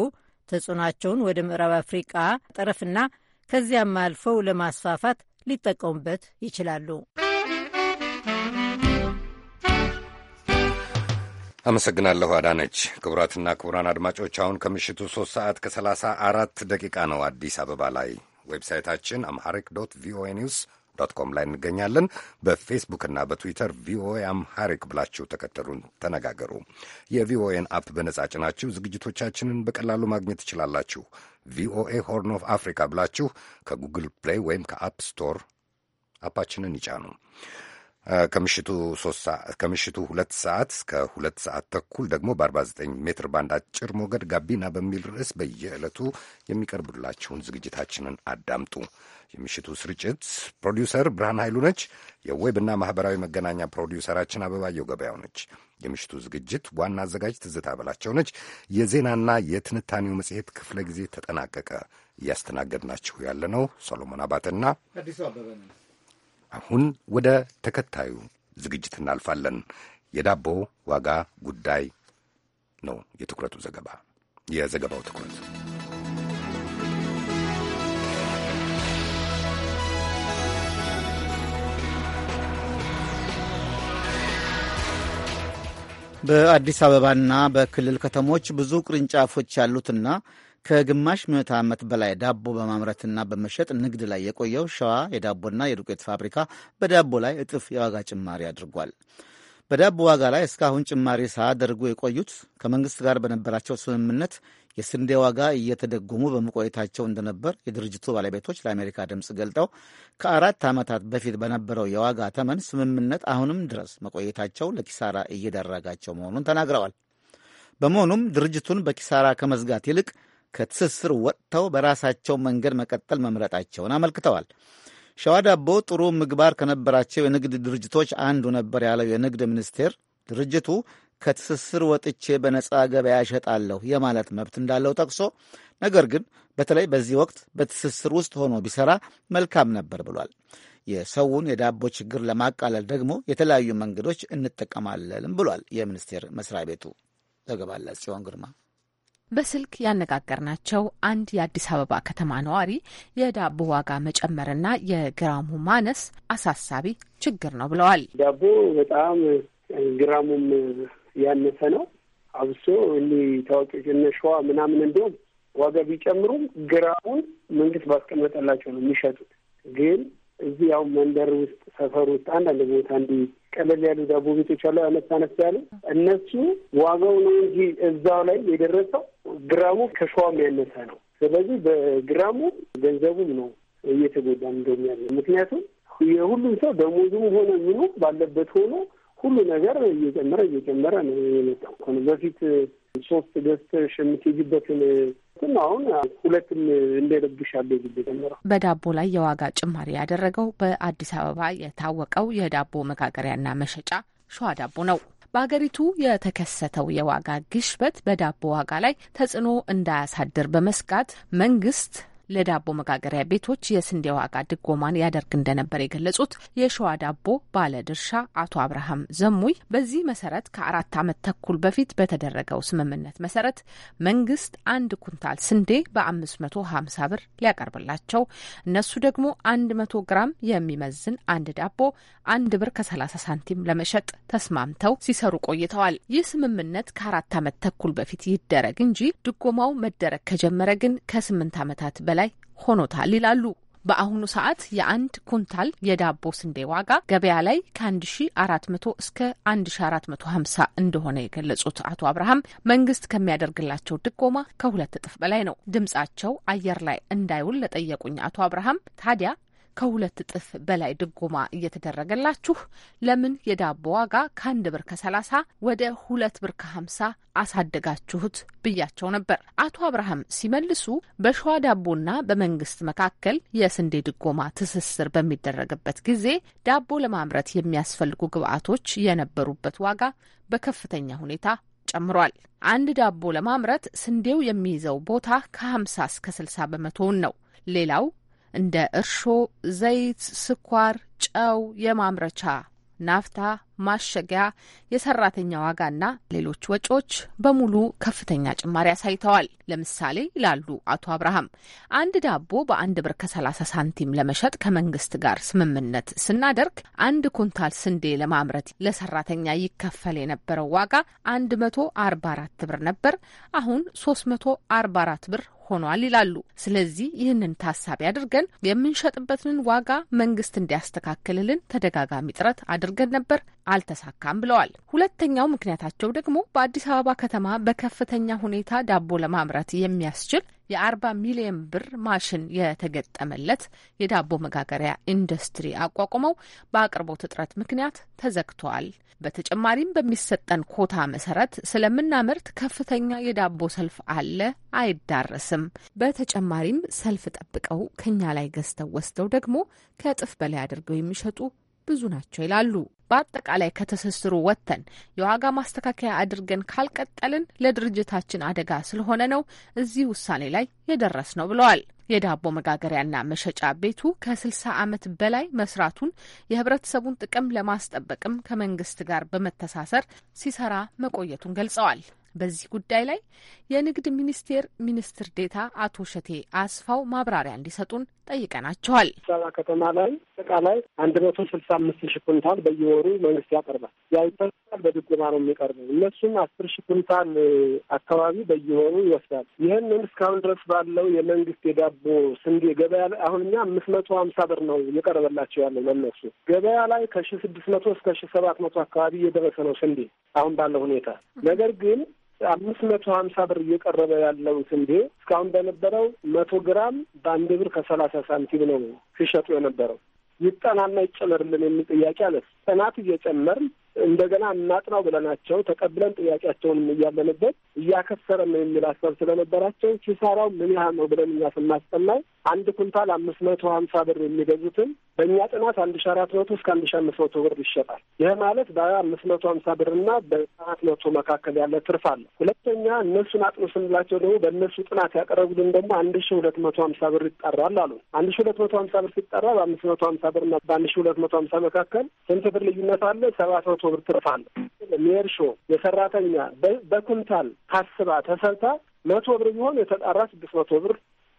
ተጽዕኗቸውን ወደ ምዕራብ አፍሪቃ ጠረፍና ከዚያም አልፈው ለማስፋፋት ሊጠቀሙበት ይችላሉ። አመሰግናለሁ አዳነች። ክቡራትና ክቡራን አድማጮች አሁን ከምሽቱ 3 ሰዓት ከ34 ደቂቃ ነው አዲስ አበባ ላይ። ዌብሳይታችን አምሐሪክ ዶት ቪኦኤ ኒውስ ዶት ኮም ላይ እንገኛለን። በፌስቡክና በትዊተር ቪኦኤ አምሃሪክ ብላችሁ ተከተሉን፣ ተነጋገሩ። የቪኦኤን አፕ በነጻ ጭናችሁ ዝግጅቶቻችንን በቀላሉ ማግኘት ትችላላችሁ። ቪኦኤ ሆርን ኦፍ አፍሪካ ብላችሁ ከጉግል ፕሌይ ወይም ከአፕ ስቶር አፓችንን ይጫኑ። ከምሽቱ ከምሽቱ ሁለት ሰዓት እስከ ሁለት ሰዓት ተኩል ደግሞ በ49 ሜትር ባንድ አጭር ሞገድ ጋቢና በሚል ርዕስ በየዕለቱ የሚቀርብላችሁን ዝግጅታችንን አዳምጡ። የምሽቱ ስርጭት ፕሮዲውሰር ብርሃን ኃይሉ ነች። የዌብና ማኅበራዊ መገናኛ ፕሮዲውሰራችን አበባየው ገበያው ነች። የምሽቱ ዝግጅት ዋና አዘጋጅ ትዝታ በላቸው ነች። የዜናና የትንታኔው መጽሔት ክፍለ ጊዜ ተጠናቀቀ። እያስተናገድናችሁ ያለነው ሰሎሞን አባተና አዲሱ አበበ ነን። አሁን ወደ ተከታዩ ዝግጅት እናልፋለን። የዳቦ ዋጋ ጉዳይ ነው የትኩረቱ ዘገባ የዘገባው ትኩረት በአዲስ አበባና በክልል ከተሞች ብዙ ቅርንጫፎች ያሉትና ከግማሽ ምዕተ ዓመት በላይ ዳቦ በማምረትና በመሸጥ ንግድ ላይ የቆየው ሸዋ የዳቦና የዱቄት ፋብሪካ በዳቦ ላይ እጥፍ የዋጋ ጭማሪ አድርጓል። በዳቦ ዋጋ ላይ እስካሁን ጭማሪ ሳያደርጉ የቆዩት ከመንግሥት ጋር በነበራቸው ስምምነት የስንዴ ዋጋ እየተደጎሙ በመቆየታቸው እንደነበር የድርጅቱ ባለቤቶች ለአሜሪካ ድምፅ ገልጠው ከአራት ዓመታት በፊት በነበረው የዋጋ ተመን ስምምነት አሁንም ድረስ መቆየታቸው ለኪሳራ እየዳረጋቸው መሆኑን ተናግረዋል። በመሆኑም ድርጅቱን በኪሳራ ከመዝጋት ይልቅ ከትስስር ወጥተው በራሳቸው መንገድ መቀጠል መምረጣቸውን አመልክተዋል። ሸዋ ዳቦ ጥሩ ምግባር ከነበራቸው የንግድ ድርጅቶች አንዱ ነበር ያለው የንግድ ሚኒስቴር ድርጅቱ ከትስስር ወጥቼ በነጻ ገበያ እሸጣለሁ የማለት መብት እንዳለው ጠቅሶ ነገር ግን በተለይ በዚህ ወቅት በትስስር ውስጥ ሆኖ ቢሰራ መልካም ነበር ብሏል። የሰውን የዳቦ ችግር ለማቃለል ደግሞ የተለያዩ መንገዶች እንጠቀማለን ብሏል። የሚኒስቴር መስሪያ ቤቱ ዘገባ አላት ጽዮን ግርማ በስልክ ያነጋገርናቸው አንድ የአዲስ አበባ ከተማ ነዋሪ የዳቦ ዋጋ መጨመርና የግራሙ ማነስ አሳሳቢ ችግር ነው ብለዋል። ዳቦ በጣም ግራሙም ያነሰ ነው። አብሶ እኒህ ታዋቂዎች እነ ሸዋ ምናምን እንዲሁም ዋጋ ቢጨምሩም ግራሙን መንግስት ባስቀመጠላቸው ነው የሚሸጡት። ግን እዚህ ያው መንደር ውስጥ ሰፈር ውስጥ አንዳንድ ቦታ እንዲ ቀለል ያሉ ዳቦ ቤቶች አሉ፣ አነስ አነስ ያለ እነሱ ዋጋው ነው እንጂ እዛው ላይ የደረሰው ግራሙ ከሸዋም ያነሳ ነው። ስለዚህ በግራሙ ገንዘቡም ነው እየተጎዳ እንደውም ያለ ምክንያቱም የሁሉም ሰው ደሞዙም ሆነ ምኑ ባለበት ሆኖ ሁሉ ነገር እየጨመረ እየጨመረ ነው የመጣው። በፊት ሶስት ገዝተሽ የምትሄጂበትን አሁን ሁለትም እንደልብሽ አለ ጀመረ። በዳቦ ላይ የዋጋ ጭማሪ ያደረገው በአዲስ አበባ የታወቀው የዳቦ መጋገሪያና መሸጫ ሸዋ ዳቦ ነው። በሀገሪቱ የተከሰተው የዋጋ ግሽበት በዳቦ ዋጋ ላይ ተጽዕኖ እንዳያሳድር በመስጋት መንግስት ለዳቦ መጋገሪያ ቤቶች የስንዴ ዋጋ ድጎማን ያደርግ እንደነበር የገለጹት የሸዋ ዳቦ ባለ ድርሻ አቶ አብርሃም ዘሙይ በዚህ መሰረት ከአራት ዓመት ተኩል በፊት በተደረገው ስምምነት መሰረት መንግስት አንድ ኩንታል ስንዴ በ550 ብር ሊያቀርብላቸው እነሱ ደግሞ 100 ግራም የሚመዝን አንድ ዳቦ አንድ ብር ከ30 ሳንቲም ለመሸጥ ተስማምተው ሲሰሩ ቆይተዋል። ይህ ስምምነት ከአራት ዓመት ተኩል በፊት ይደረግ እንጂ ድጎማው መደረግ ከጀመረ ግን ከስምንት ዓመታት በላይ በላይ ሆኖታል ይላሉ። በአሁኑ ሰዓት የአንድ ኩንታል የዳቦ ስንዴ ዋጋ ገበያ ላይ ከ1400 እስከ 1450 እንደሆነ የገለጹት አቶ አብርሃም መንግስት ከሚያደርግላቸው ድጎማ ከሁለት እጥፍ በላይ ነው። ድምጻቸው አየር ላይ እንዳይውል ለጠየቁኝ አቶ አብርሃም ታዲያ ከሁለት እጥፍ በላይ ድጎማ እየተደረገላችሁ ለምን የዳቦ ዋጋ ከአንድ ብር ከሰላሳ ወደ ሁለት ብር ከሀምሳ አሳደጋችሁት ብያቸው ነበር። አቶ አብርሃም ሲመልሱ በሸዋ ዳቦና በመንግስት መካከል የስንዴ ድጎማ ትስስር በሚደረግበት ጊዜ ዳቦ ለማምረት የሚያስፈልጉ ግብአቶች የነበሩበት ዋጋ በከፍተኛ ሁኔታ ጨምሯል። አንድ ዳቦ ለማምረት ስንዴው የሚይዘው ቦታ ከ50 እስከ 60 በመቶውን ነው። ሌላው እንደ እርሾ፣ ዘይት፣ ስኳር፣ ጨው፣ የማምረቻ ናፍታ ማሸጊያ፣ የሰራተኛ ዋጋና ሌሎች ወጪዎች በሙሉ ከፍተኛ ጭማሪ አሳይተዋል። ለምሳሌ ይላሉ አቶ አብርሃም፣ አንድ ዳቦ በአንድ ብር ከሰላሳ ሳንቲም ለመሸጥ ከመንግስት ጋር ስምምነት ስናደርግ አንድ ኩንታል ስንዴ ለማምረት ለሰራተኛ ይከፈል የነበረው ዋጋ አራት ብር ነበር። አሁን አራት ብር ሆኗል ይላሉ። ስለዚህ ይህንን ታሳቢ አድርገን የምንሸጥበትን ዋጋ መንግስት እንዲያስተካክልልን ተደጋጋሚ ጥረት አድርገን ነበር። አልተሳካም ብለዋል። ሁለተኛው ምክንያታቸው ደግሞ በአዲስ አበባ ከተማ በከፍተኛ ሁኔታ ዳቦ ለማምረት የሚያስችል የአርባ ሚሊዮን ብር ማሽን የተገጠመለት የዳቦ መጋገሪያ ኢንዱስትሪ አቋቁመው በአቅርቦት እጥረት ምክንያት ተዘግተዋል። በተጨማሪም በሚሰጠን ኮታ መሰረት ስለምናመርት ከፍተኛ የዳቦ ሰልፍ አለ፣ አይዳረስም። በተጨማሪም ሰልፍ ጠብቀው ከኛ ላይ ገዝተው ወስደው ደግሞ ከእጥፍ በላይ አድርገው የሚሸጡ ብዙ ናቸው ይላሉ። በአጠቃላይ ከትስስሩ ወጥተን የዋጋ ማስተካከያ አድርገን ካልቀጠልን ለድርጅታችን አደጋ ስለሆነ ነው እዚህ ውሳኔ ላይ የደረስ ነው ብለዋል። የዳቦ መጋገሪያና መሸጫ ቤቱ ከ60 ዓመት በላይ መስራቱን የህብረተሰቡን ጥቅም ለማስጠበቅም ከመንግስት ጋር በመተሳሰር ሲሰራ መቆየቱን ገልጸዋል። በዚህ ጉዳይ ላይ የንግድ ሚኒስቴር ሚኒስትር ዴታ አቶ ሸቴ አስፋው ማብራሪያ እንዲሰጡን ጠይቀናቸዋል። ሰባ ከተማ ላይ አጠቃላይ አንድ መቶ ስልሳ አምስት ሺ ኩንታል በየወሩ መንግስት ያቀርባል። ይፈሳል፣ በድጎማ ነው የሚቀርበው። እነሱም አስር ሺ ኩንታል አካባቢ በየወሩ ይወስዳል። ይህንን እስካሁን ድረስ ባለው የመንግስት የዳቦ ስንዴ ገበያ ላይ አሁን እኛ አምስት መቶ ሀምሳ ብር ነው እየቀረበላቸው ያለው ለነሱ ገበያ ላይ ከሺ ስድስት መቶ እስከ ሺ ሰባት መቶ አካባቢ እየደረሰ ነው ስንዴ አሁን ባለው ሁኔታ ነገር ግን አምስት መቶ ሀምሳ ብር እየቀረበ ያለው ስንዴ እስካሁን በነበረው መቶ ግራም በአንድ ብር ከሰላሳ ሳንቲም ነው ሲሸጡ የነበረው። ይጠናና ይጨመርልን የሚል ጥያቄ አለ። ጥናት እየጨመርን እንደገና እናጥናው ብለናቸው ተቀብለን ጥያቄያቸውንም እያለንበት እያከሰረ ነው የሚል አሳብ ስለነበራቸው ኪሳራው ምን ያህል ነው ብለን እኛ ስናስጠናው አንድ ኩንታል አምስት መቶ ሀምሳ ብር የሚገዙትን በእኛ ጥናት አንድ ሺ አራት መቶ እስከ አንድ ሺ አምስት መቶ ብር ይሸጣል። ይህ ማለት በአምስት መቶ ሀምሳ ብርና በአራት መቶ መካከል ያለ ትርፍ አለ። ሁለተኛ እነሱን አጥኑ ስንላቸው ደግሞ በእነሱ ጥናት ያቀረቡልን ደግሞ አንድ ሺ ሁለት መቶ ሀምሳ ብር ይጠራል አሉ። አንድ ሺ ሁለት መቶ ሀምሳ ብር ሲጠራ በአምስት መቶ ሀምሳ ብርና በአንድ ሺ ሁለት መቶ ሀምሳ መካከል ስንት ብር ልዩነት አለ? ሰባት መቶ ብር ትርፍ አለ። ሜርሾ የሰራተኛ በኩንታል ታስባ ተሰርታ መቶ ብር ቢሆን የተጣራ ስድስት መቶ ብር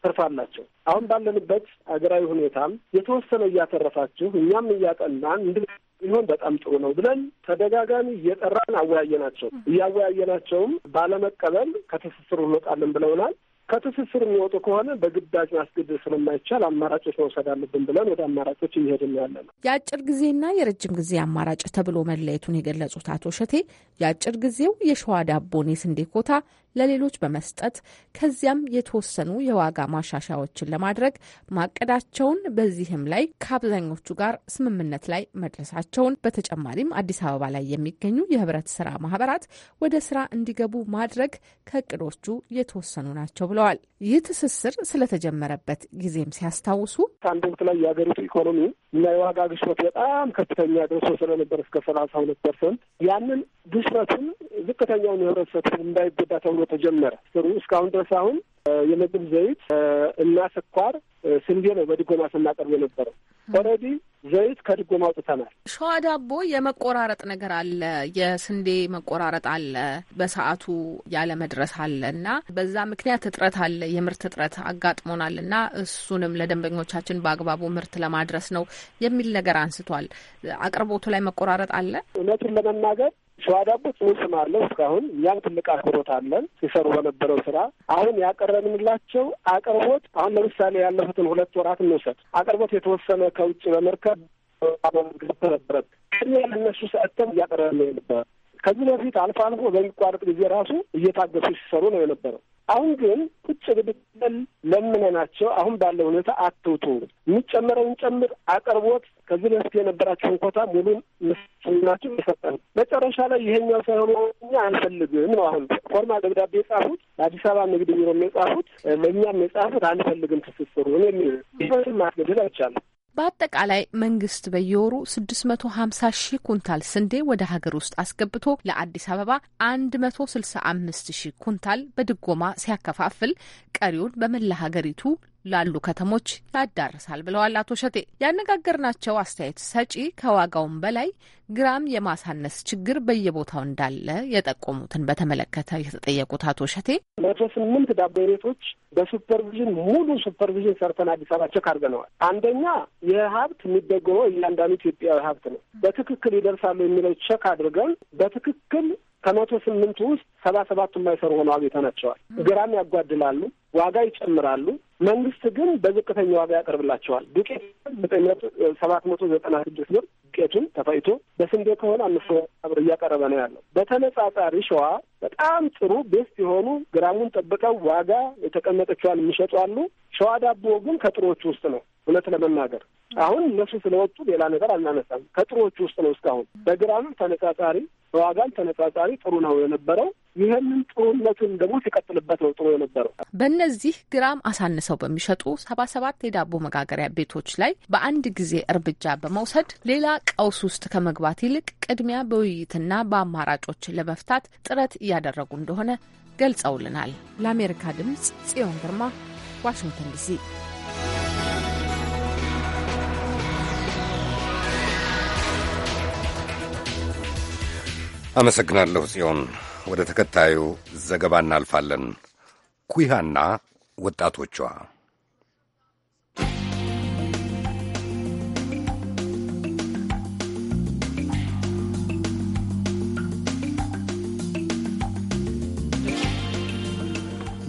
ትርፍ አላቸው። አሁን ባለንበት ሀገራዊ ሁኔታም የተወሰነ እያተረፋችሁ እኛም እያጠናን እንድ ቢሆን በጣም ጥሩ ነው ብለን ተደጋጋሚ እየጠራን አወያየናቸው። እያወያየናቸውም ባለመቀበል ከትስስሩ እንወጣለን ብለውናል። ከትስስር የሚወጡ ከሆነ በግዳጅ ማስገደድ ስለማይቻል አማራጮች መውሰድ አለብን ብለን ወደ አማራጮች እየሄድን ያለ ነው። የአጭር ጊዜና የረጅም ጊዜ አማራጭ ተብሎ መለየቱን የገለጹት አቶ ሸቴ የአጭር ጊዜው የሸዋ ዳቦን የስንዴ ኮታ ለሌሎች በመስጠት ከዚያም የተወሰኑ የዋጋ ማሻሻያዎችን ለማድረግ ማቀዳቸውን በዚህም ላይ ከአብዛኞቹ ጋር ስምምነት ላይ መድረሳቸውን በተጨማሪም አዲስ አበባ ላይ የሚገኙ የህብረት ስራ ማህበራት ወደ ስራ እንዲገቡ ማድረግ ከእቅዶቹ የተወሰኑ ናቸው ብለዋል። ይህ ትስስር ስለተጀመረበት ጊዜም ሲያስታውሱ አንድ ወቅት ላይ የሀገሪቱ ኢኮኖሚ እና የዋጋ ግሽበት በጣም ከፍተኛ ደርሶ ስለነበር እስከ ሰላሳ ሁለት ፐርሰንት ያንን ግሽበቱን ዝቅተኛውን የህብረተሰብ እንዳይጎዳ ተብሎ ተጀመረ። ጥሩ እስካሁን ድረስ አሁን የምግብ ዘይት እና ስኳር፣ ስንዴ ነው በድጎማ ስናቀርብ የነበረው። ኦልሬዲ ዘይት ከድጎማ አውጥተናል። ሸዋ ዳቦ የመቆራረጥ ነገር አለ፣ የስንዴ መቆራረጥ አለ፣ በሰዓቱ ያለ መድረስ አለ እና በዛ ምክንያት እጥረት አለ፣ የምርት እጥረት አጋጥሞናል እና እሱንም ለደንበኞቻችን በአግባቡ ምርት ለማድረስ ነው የሚል ነገር አንስቷል። አቅርቦቱ ላይ መቆራረጥ አለ። እውነቱን ለመናገር ሸዋ ዳቦ ጽኑ ስም አለው እስካሁን። እኛም ትልቅ አክብሮት አለን ሲሰሩ በነበረው ስራ። አሁን ያቀረብንላቸው አቅርቦት አሁን ለምሳሌ ያለፉትን ሁለት ወራት እንውሰድ። አቅርቦት የተወሰነ ከውጭ በመርከብ ነበረት ቅድሚያ ለነሱ ሰጥተን እያቀረብን የነበረ። ከዚህ በፊት አልፎ አልፎ በሚቋረጥ ጊዜ ራሱ እየታገሱ ሲሰሩ ነው የነበረው። አሁን ግን ቁጭ ብድል ለምነናቸው አሁን ባለው ሁኔታ አትውጡ፣ የሚጨመረውን ጨምር አቅርቦት ከዚህ በፊት የነበራቸውን ኮታ ሙሉን ምስናቸው ይሰጠን። መጨረሻ ላይ ይሄኛው ሳይሆን እኛ አንፈልግም ነው። አሁን ፎርማል ደብዳቤ የጻፉት ለአዲስ አበባ ንግድ ቢሮ የጻፉት ለእኛም የጻፉት አንፈልግም ትስስሩ የሚል ማስገደል አይቻልም። በአጠቃላይ መንግስት በየወሩ 650 ሺህ ኩንታል ስንዴ ወደ ሀገር ውስጥ አስገብቶ ለአዲስ አበባ 165 ሺህ ኩንታል በድጎማ ሲያከፋፍል ቀሪውን በመላ ሀገሪቱ ላሉ ከተሞች ያዳርሳል ብለዋል አቶ ሸቴ። ያነጋገርናቸው አስተያየት ሰጪ ከዋጋውም በላይ ግራም የማሳነስ ችግር በየቦታው እንዳለ የጠቆሙትን በተመለከተ የተጠየቁት አቶ ሸቴ መቶ ስምንት ዳቦ ቤቶች በሱፐርቪዥን ሙሉ ሱፐርቪዥን ሰርተን አዲስ አበባ ቸክ አድርገነዋል። አንደኛ ይህ ሀብት የሚደጎመው እያንዳንዱ ኢትዮጵያዊ ሀብት ነው። በትክክል ይደርሳሉ የሚለው ቸክ አድርገን በትክክል ከመቶ ስምንቱ ውስጥ ሰባ ሰባቱ የማይሰሩ ሆነው አግኝተናቸዋል። ግራም ያጓድላሉ ዋጋ ይጨምራሉ። መንግስት ግን በዝቅተኛ ዋጋ ያቀርብላቸዋል። ዱቄት ዘጠኝ መቶ ሰባት መቶ ዘጠና ስድስት ብር ዱቄቱን ተፈይቶ በስንዴ ከሆነ አምስት ብር እያቀረበ ነው ያለው። በተነጻጻሪ ሸዋ በጣም ጥሩ ቤስት የሆኑ ግራሙን ጠብቀው ዋጋ የተቀመጠችዋል የሚሸጡ አሉ። ሸዋ ዳቦ ግን ከጥሮዎቹ ውስጥ ነው። እውነት ለመናገር አሁን እነሱ ስለወጡ ሌላ ነገር አናነሳም። ከጥሮዎቹ ውስጥ ነው። እስካሁን በግራም ተነጻጻሪ በዋጋም ተነጻጻሪ ጥሩ ነው የነበረው። ይህንን ጥሩነቱን ደግሞ ሲቀጥልበት ነው ጥሩ የነበረው። በእነዚህ ግራም አሳንሰው በሚሸጡ ሰባ ሰባት የዳቦ መጋገሪያ ቤቶች ላይ በአንድ ጊዜ እርምጃ በመውሰድ ሌላ ቀውስ ውስጥ ከመግባት ይልቅ ቅድሚያ በውይይትና በአማራጮች ለመፍታት ጥረት እያደረጉ እንደሆነ ገልጸውልናል። ለአሜሪካ ድምጽ ጽዮን ግርማ ዋሽንግተን ዲሲ። አመሰግናለሁ ጽዮን። ወደ ተከታዩ ዘገባ እናልፋለን። ኩይሃና ወጣቶቿ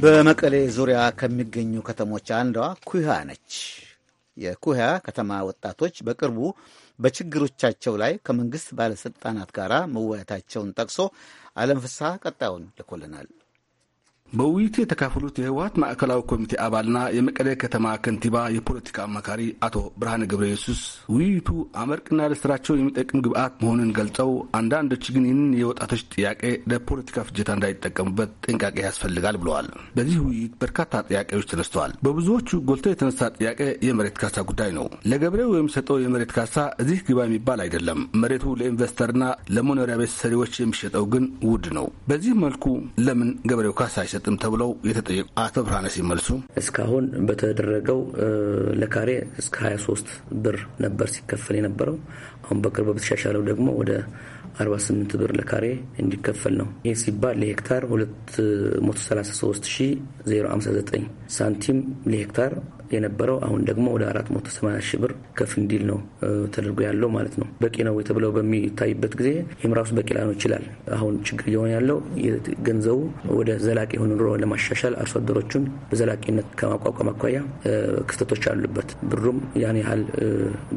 በመቀሌ ዙሪያ ከሚገኙ ከተሞች አንዷ ኩያ ነች። የኩያ ከተማ ወጣቶች በቅርቡ በችግሮቻቸው ላይ ከመንግሥት ባለሥልጣናት ጋር መወያየታቸውን ጠቅሶ አለም ፍስሐ ቀጣዩን ልኮልናል። በውይይቱ የተካፈሉት የህወሀት ማዕከላዊ ኮሚቴ አባልና የመቀለ ከተማ ከንቲባ የፖለቲካ አማካሪ አቶ ብርሃነ ገብረ ኢየሱስ ውይይቱ አመርቅና ለስራቸው የሚጠቅም ግብአት መሆኑን ገልጸው አንዳንዶች ግን ይህንን የወጣቶች ጥያቄ ለፖለቲካ ፍጀታ እንዳይጠቀሙበት ጥንቃቄ ያስፈልጋል ብለዋል። በዚህ ውይይት በርካታ ጥያቄዎች ተነስተዋል። በብዙዎቹ ጎልቶ የተነሳ ጥያቄ የመሬት ካሳ ጉዳይ ነው። ለገበሬው የሚሰጠው የመሬት ካሳ እዚህ ግባ የሚባል አይደለም። መሬቱ ለኢንቨስተርና ለመኖሪያ ቤት ሰሪዎች የሚሸጠው ግን ውድ ነው። በዚህ መልኩ ለምን ገበሬው ካሳ አይሰጥ አይሰጥም ተብለው የተጠየቁ አቶ ብርሃነ ሲመልሱ እስካሁን በተደረገው ለካሬ እስከ 23 ብር ነበር ሲከፈል የነበረው። አሁን በቅርብ በተሻሻለው ደግሞ ወደ 48 ብር ለካሬ እንዲከፈል ነው። ይህ ሲባል ለሄክታር 233059 ሳንቲም ለሄክታር የነበረው አሁን ደግሞ ወደ 480 ሺህ ብር ከፍ እንዲል ነው ተደርጎ ያለው ማለት ነው። በቂ ነው የተብለው በሚታይበት ጊዜ ይህም ራሱ በቂ ላይሆን ይችላል። አሁን ችግር እየሆነ ያለው ገንዘቡ ወደ ዘላቂ የሆነ ኑሮ ለማሻሻል አርሶ አደሮቹን በዘላቂነት ከማቋቋም አኳያ ክፍተቶች አሉበት። ብሩም ያን ያህል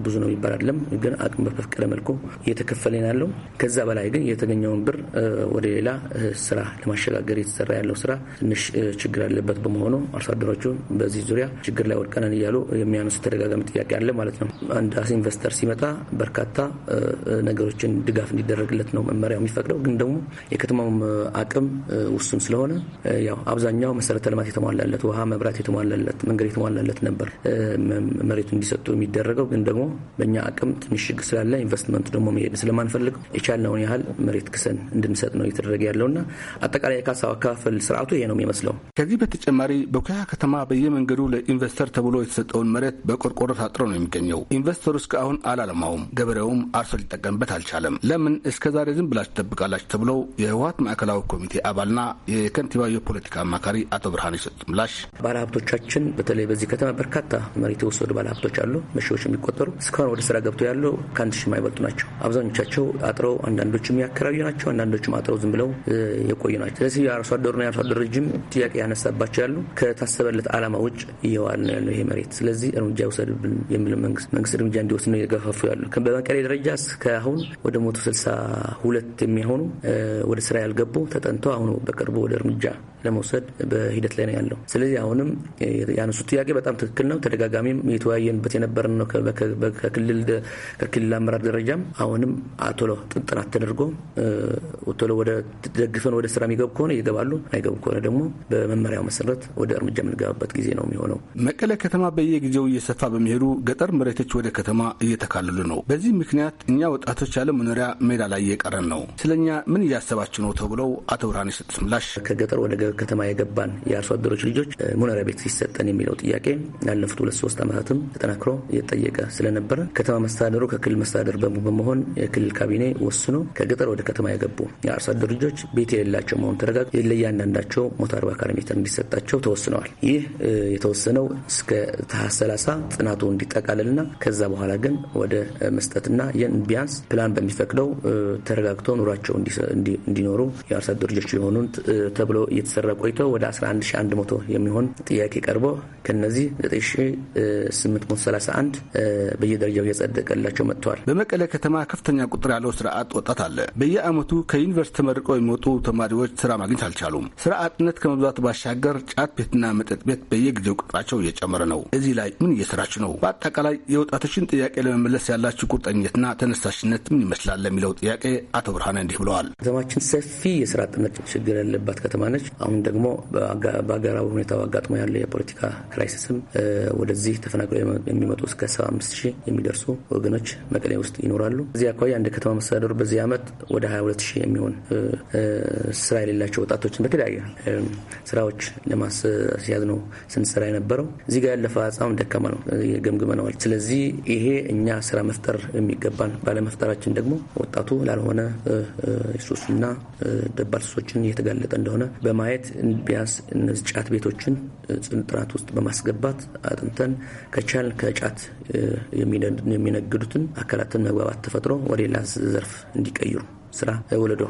ብዙ ነው የሚባል አይደለም፣ ግን አቅም በፈቀደ መልኩ እየተከፈለ ያለው ከዛ በላይ ግን የተገኘውን ብር ወደ ሌላ ስራ ለማሸጋገር እየተሰራ ያለው ስራ ትንሽ ችግር ያለበት በመሆኑ አርሶ አደሮቹ በዚህ ዙሪያ ችግር ላይ ቀነን እያሉ የሚያነሱ ተደጋጋሚ ጥያቄ አለ ማለት ነው። አንድ ኢንቨስተር ሲመጣ በርካታ ነገሮችን ድጋፍ እንዲደረግለት ነው መመሪያው የሚፈቅደው። ግን ደግሞ የከተማውም አቅም ውሱን ስለሆነ ያው አብዛኛው መሰረተ ልማት የተሟላለት ውሃ፣ መብራት የተሟላለት መንገድ የተሟላለት ነበር መሬቱ እንዲሰጡ የሚደረገው። ግን ደግሞ በእኛ አቅም ትንሽ ችግር ስላለ ኢንቨስትመንቱ ደግሞ መሄድ ስለማንፈልገው የቻልነውን ያህል መሬት ክሰን እንድንሰጥ ነው እየተደረገ ያለውና አጠቃላይ የካሳ አከፋፈል ስርዓቱ ይሄ ነው የሚመስለው። ከዚህ በተጨማሪ በኩያ ከተማ በየመንገዱ ለኢንቨስተር ተብሎ የተሰጠውን መሬት በቆርቆሮ ታጥሮ ነው የሚገኘው። ኢንቨስተሩ እስካሁን አላለማውም፣ ገበሬውም አርሶ ሊጠቀምበት አልቻለም። ለምን እስከ ዛሬ ዝም ብላችሁ ትጠብቃላችሁ? ተብለው የህወሀት ማዕከላዊ ኮሚቴ አባልና የከንቲባ የፖለቲካ አማካሪ አቶ ብርሃን የሰጡት ምላሽ ባለሀብቶቻችን በተለይ በዚህ ከተማ በርካታ መሬት የወሰዱ ባለሀብቶች አሉ፣ መሺዎች የሚቆጠሩ እስካሁን ወደ ስራ ገብቶ ያሉ ከአንድ ሺህ የማይበልጡ ናቸው። አብዛኞቻቸው አጥረው አንዳንዶች የሚያከራዩ ናቸው፣ አንዳንዶችም አጥረው ዝም ብለው የቆዩ ናቸው። ስለዚህ የአርሶ አደሩና የአርሶ አደር ጥያቄ ያነሳባቸው ያሉ ከታሰበለት አላማ ውጭ እየዋል ያለው ይሄ መሬት። ስለዚህ እርምጃ ይውሰድብን የሚለው መንግስት እርምጃ እንዲወስድ ነው እየገፋፉ ያሉ። በመቀሌ ደረጃ እስካሁን ወደ መቶ ስልሳ ሁለት የሚሆኑ ወደ ስራ ያልገቡ ተጠንቶ አሁኑ በቅርቡ ወደ እርምጃ ለመውሰድ በሂደት ላይ ነው ያለው። ስለዚህ አሁንም ያነሱት ጥያቄ በጣም ትክክል ነው። ተደጋጋሚም የተወያየንበት የነበረን ነው። ከክልል አመራር ደረጃም አሁንም ቶሎ ጥናት ተደርጎ ቶሎ ወደ ደግፈን ወደ ስራ የሚገቡ ከሆነ ይገባሉ፣ አይገቡ ከሆነ ደግሞ በመመሪያው መሰረት ወደ እርምጃ የምንገባበት ጊዜ ነው የሚሆነው። መቀለ ከተማ በየጊዜው እየሰፋ በሚሄዱ ገጠር መሬቶች ወደ ከተማ እየተካለሉ ነው። በዚህ ምክንያት እኛ ወጣቶች ያለ መኖሪያ ሜዳ ላይ እየቀረን ነው። ስለኛ ምን እያሰባችሁ ነው ተብለው አቶ ብርሃን የሰጡት ምላሽ ከገጠር ወደ ከተማ የገባን የአርሶ አደሮች ልጆች መኖሪያ ቤት ሲሰጠን የሚለው ጥያቄ ያለፉት ሁለት ሶስት ዓመታትም ተጠናክሮ እየጠየቀ ስለነበረ ከተማ መስተዳደሩ ከክልል መስተዳደር በመሆን የክልል ካቢኔ ወስኖ ከገጠር ወደ ከተማ የገቡ የአርሶ አደር ልጆች ቤት የሌላቸው መሆኑ ተረጋግጦ ለእያንዳንዳቸው ሞታር አርባ ሜትር እንዲሰጣቸው ተወስነዋል። ይህ የተወሰነው እስከ ታህሳስ ሰላሳ ጥናቱ እንዲጠቃለልና ከዛ በኋላ ግን ወደ መስጠትና ቢያንስ ፕላን በሚፈቅደው ተረጋግተው ኑሯቸው እንዲኖሩ የአርሶ አደር ልጆች የሆኑን ተብሎ እየተሰራ ሲቀረብ ቆይቶ ወደ 11100 የሚሆን ጥያቄ ቀርቦ ከነዚህ 9831 በየደረጃው እየጸደቀላቸው መጥተዋል። በመቀለ ከተማ ከፍተኛ ቁጥር ያለው ስራ አጥ ወጣት አለ። በየአመቱ ከዩኒቨርሲቲ ተመርቀው የሚወጡ ተማሪዎች ስራ ማግኘት አልቻሉም። ስራ አጥነት ባሻገር ጫት ቤትና መጠጥ ቤት በየጊዜው ቁጥራቸው እየጨመረ ነው። እዚህ ላይ ምን እየሰራችሁ ነው? በአጠቃላይ የወጣቶችን ጥያቄ ለመመለስ ያላችሁ ቁርጠኝነትና ተነሳሽነት ምን ይመስላል? ለሚለው ጥያቄ አቶ ብርሃነ እንዲህ ብለዋል። ከተማችን ሰፊ የስራ አጥነት ችግር ያለባት ከተማ ነች። አሁን ደግሞ በሀገራዊ ሁኔታ አጋጥሞ ያለ የፖለቲካ ክራይሲስም ወደዚህ ተፈናቅለው የሚመጡ እስከ 75 ሺህ የሚደርሱ ወገኖች መቀሌ ውስጥ ይኖራሉ። እዚህ አኳያ እንደ ከተማ መስተዳደሩ በዚህ ዓመት ወደ 22 ሺህ የሚሆን ስራ የሌላቸው ወጣቶችን በተለያየ ስራዎች ለማስያዝ ነው ስንሰራ የነበረው። እዚህ ጋር ያለፈ አጽም ደካማ ነው የገምግመነዋል። ስለዚህ ይሄ እኛ ስራ መፍጠር የሚገባን ባለመፍጠራችን ደግሞ ወጣቱ ላልሆነ ሱስና ደባል ሱሶችን እየተጋለጠ እንደሆነ በማየት ለማየት ቢያንስ እነዚህ ጫት ቤቶችን ጥናት ውስጥ በማስገባት አጥንተን ከቻል ከጫት የሚነግዱትን አካላትን መግባባት ተፈጥሮ ወደ ሌላ ዘርፍ እንዲቀይሩ ስራ ወለዶ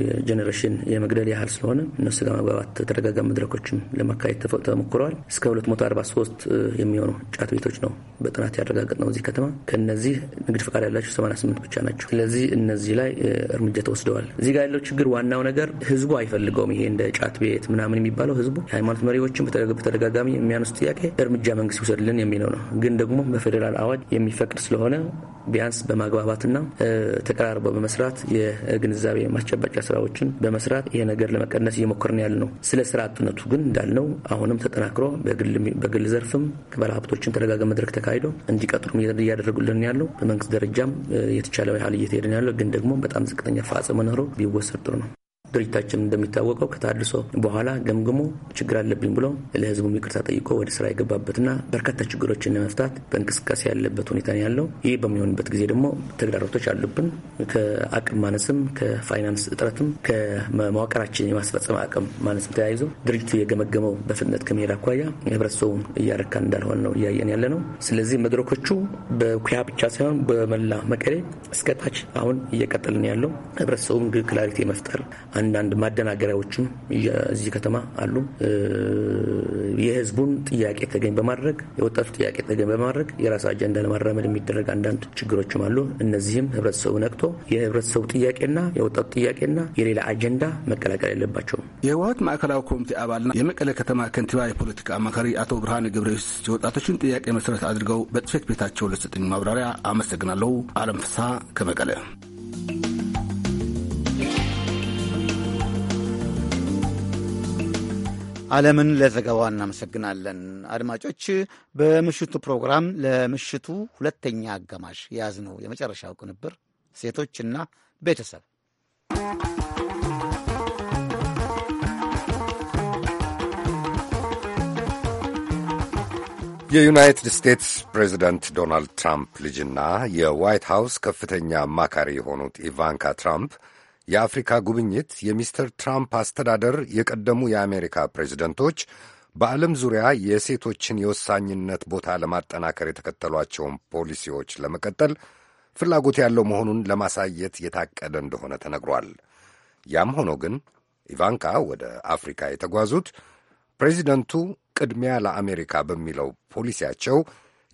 የጀኔሬሽን የመግደል ያህል ስለሆነ እነሱ ጋር መግባባት ተደረጋጋ መድረኮችም ለማካሄድ ተሞክረዋል። እስከ 243 የሚሆኑ ጫት ቤቶች ነው በጥናት ያረጋገጥ ነው እዚህ ከተማ። ከነዚህ ንግድ ፈቃድ ያላቸው 88 ብቻ ናቸው። ስለዚህ እነዚህ ላይ እርምጃ ተወስደዋል። እዚህ ጋር ያለው ችግር ዋናው ነገር ህዝቡ አይፈልገውም። ይሄ እንደ ጫት ቤት ምናምን የሚባለው ህዝቡ የሃይማኖት መሪዎችን በተደጋጋሚ የሚያነሱ ጥያቄ እርምጃ መንግስት ይውሰድልን የሚለው ነው። ግን ደግሞ በፌዴራል አዋጅ የሚፈቅድ ስለሆነ ቢያንስ በማግባባትና ተቀራርበው በመስራት የግንዛቤ ማስጨበጫ ስራዎችን በመስራት ይሄ ነገር ለመቀነስ እየሞከርን ያለ ነው። ስለ ስራ አጥነቱ ግን እንዳልነው አሁንም ተጠናክሮ በግል ዘርፍም ከባለሀብቶችም ተደጋጋሚ መድረክ ተካሂዶ እንዲቀጥሩም እያደረጉልን ያለው በመንግስት ደረጃም የተቻለ ያህል እየተሄድን ያለው ግን ደግሞ በጣም ዝቅተኛ ፋጽ መኖሩ ቢወሰድ ጥሩ ነው። ድርጅታችን እንደሚታወቀው ከታድሶ በኋላ ገምግሞ ችግር አለብኝ ብሎ ለህዝቡ ይቅርታ ጠይቆ ወደ ስራ የገባበትና በርካታ ችግሮችን ለመፍታት በእንቅስቃሴ ያለበት ሁኔታ ነው ያለው። ይህ በሚሆንበት ጊዜ ደግሞ ተግዳሮቶች አሉብን። ከአቅም ማነስም፣ ከፋይናንስ እጥረትም፣ ከመዋቅራችን የማስፈጸም አቅም ማነስም ተያይዞ ድርጅቱ የገመገመው በፍጥነት ከመሄድ አኳያ ህብረተሰቡን እያረካን እንዳልሆነ ነው እያየን ያለ ነው። ስለዚህ መድረኮቹ በኩያ ብቻ ሳይሆን በመላ መቀሌ እስከታች አሁን እየቀጠልን ያለው ህብረተሰቡን ክላሪቲ መፍጠር አንዳንድ ማደናገሪያዎችም እዚህ ከተማ አሉ። የህዝቡን ጥያቄ ተገኝ በማድረግ የወጣቱ ጥያቄ ተገኝ በማድረግ የራስ አጀንዳ ለማራመድ የሚደረግ አንዳንድ ችግሮችም አሉ። እነዚህም ህብረተሰቡ ነቅቶ የህብረተሰቡ ጥያቄና የወጣቱ ጥያቄና የሌላ አጀንዳ መቀላቀል የለባቸውም። የህወሀት ማዕከላዊ ኮሚቴ አባልና የመቀለ ከተማ ከንቲባ የፖለቲካ አማካሪ አቶ ብርሃን ገብረስ የወጣቶችን ጥያቄ መሰረት አድርገው በጽሕፈት ቤታቸው ለሰጠኝ ማብራሪያ አመሰግናለሁ። አለም ፍስሀ ከመቀለ ዓለምን ለዘገባው እናመሰግናለን። አድማጮች፣ በምሽቱ ፕሮግራም ለምሽቱ ሁለተኛ አጋማሽ የያዝነው የመጨረሻው ቅንብር ሴቶችና ቤተሰብ የዩናይትድ ስቴትስ ፕሬዚደንት ዶናልድ ትራምፕ ልጅና የዋይት ሃውስ ከፍተኛ አማካሪ የሆኑት ኢቫንካ ትራምፕ የአፍሪካ ጉብኝት የሚስተር ትራምፕ አስተዳደር የቀደሙ የአሜሪካ ፕሬዚደንቶች በዓለም ዙሪያ የሴቶችን የወሳኝነት ቦታ ለማጠናከር የተከተሏቸውን ፖሊሲዎች ለመቀጠል ፍላጎት ያለው መሆኑን ለማሳየት የታቀደ እንደሆነ ተነግሯል። ያም ሆኖ ግን ኢቫንካ ወደ አፍሪካ የተጓዙት ፕሬዚደንቱ ቅድሚያ ለአሜሪካ በሚለው ፖሊሲያቸው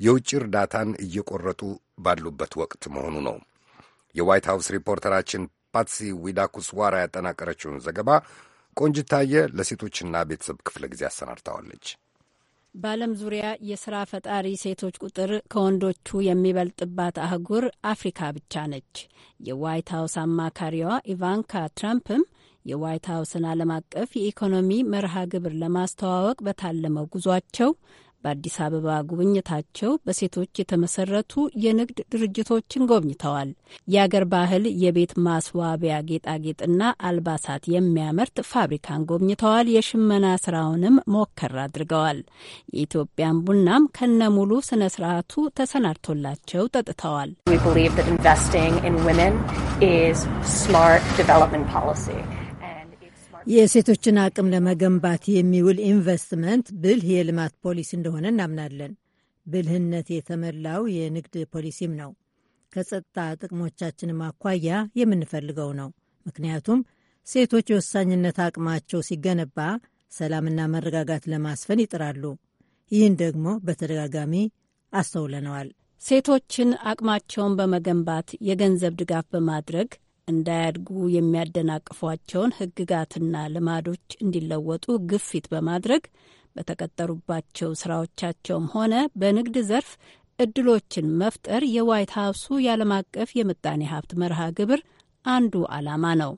የውጭ እርዳታን እየቆረጡ ባሉበት ወቅት መሆኑ ነው። የዋይት ሀውስ ሪፖርተራችን ፓትሲ ዊዳኩስዋራ ያጠናቀረችውን ዘገባ ቆንጅታየ ለሴቶችና ቤተሰብ ክፍለ ጊዜ አሰናድተዋለች። በዓለም ዙሪያ የስራ ፈጣሪ ሴቶች ቁጥር ከወንዶቹ የሚበልጥባት አህጉር አፍሪካ ብቻ ነች። የዋይት ሀውስ አማካሪዋ ኢቫንካ ትራምፕም የዋይት ሀውስን ዓለም አቀፍ የኢኮኖሚ መርሃ ግብር ለማስተዋወቅ በታለመው ጉዟቸው በአዲስ አበባ ጉብኝታቸው በሴቶች የተመሰረቱ የንግድ ድርጅቶችን ጎብኝተዋል። የአገር ባህል የቤት ማስዋቢያ ጌጣጌጥና አልባሳት የሚያመርት ፋብሪካን ጎብኝተዋል። የሽመና ስራውንም ሞከር አድርገዋል። የኢትዮጵያን ቡናም ከነሙሉ ስነ ስርዓቱ ተሰናድቶላቸው ጠጥተዋል። የሴቶችን አቅም ለመገንባት የሚውል ኢንቨስትመንት ብልህ የልማት ፖሊሲ እንደሆነ እናምናለን። ብልህነት የተመላው የንግድ ፖሊሲም ነው። ከጸጥታ ጥቅሞቻችንም አኳያ የምንፈልገው ነው። ምክንያቱም ሴቶች የወሳኝነት አቅማቸው ሲገነባ ሰላምና መረጋጋት ለማስፈን ይጥራሉ። ይህን ደግሞ በተደጋጋሚ አስተውለነዋል። ሴቶችን አቅማቸውን በመገንባት የገንዘብ ድጋፍ በማድረግ እንዳያድጉ የሚያደናቅፏቸውን ህግጋትና ልማዶች እንዲለወጡ ግፊት በማድረግ በተቀጠሩባቸው ስራዎቻቸውም ሆነ በንግድ ዘርፍ እድሎችን መፍጠር የዋይት ሀውሱ የዓለም አቀፍ የምጣኔ ሀብት መርሃ ግብር አንዱ ዓላማ ነው።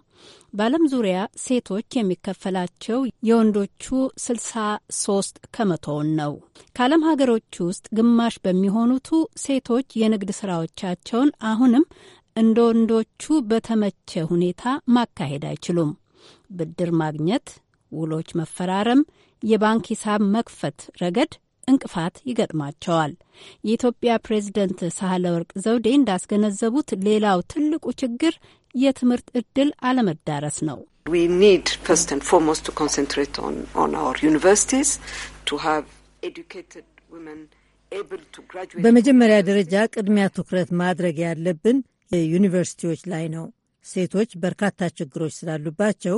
በዓለም ዙሪያ ሴቶች የሚከፈላቸው የወንዶቹ 63 ከመቶውን ነው። ከዓለም ሀገሮች ውስጥ ግማሽ በሚሆኑቱ ሴቶች የንግድ ስራዎቻቸውን አሁንም እንደ ወንዶቹ በተመቸ ሁኔታ ማካሄድ አይችሉም። ብድር ማግኘት፣ ውሎች መፈራረም፣ የባንክ ሂሳብ መክፈት ረገድ እንቅፋት ይገጥማቸዋል። የኢትዮጵያ ፕሬዝደንት ሳህለ ወርቅ ዘውዴ እንዳስገነዘቡት ሌላው ትልቁ ችግር የትምህርት እድል አለመዳረስ ነው። በመጀመሪያ ደረጃ ቅድሚያ ትኩረት ማድረግ ያለብን ዩኒቨርሲቲዎች ላይ ነው። ሴቶች በርካታ ችግሮች ስላሉባቸው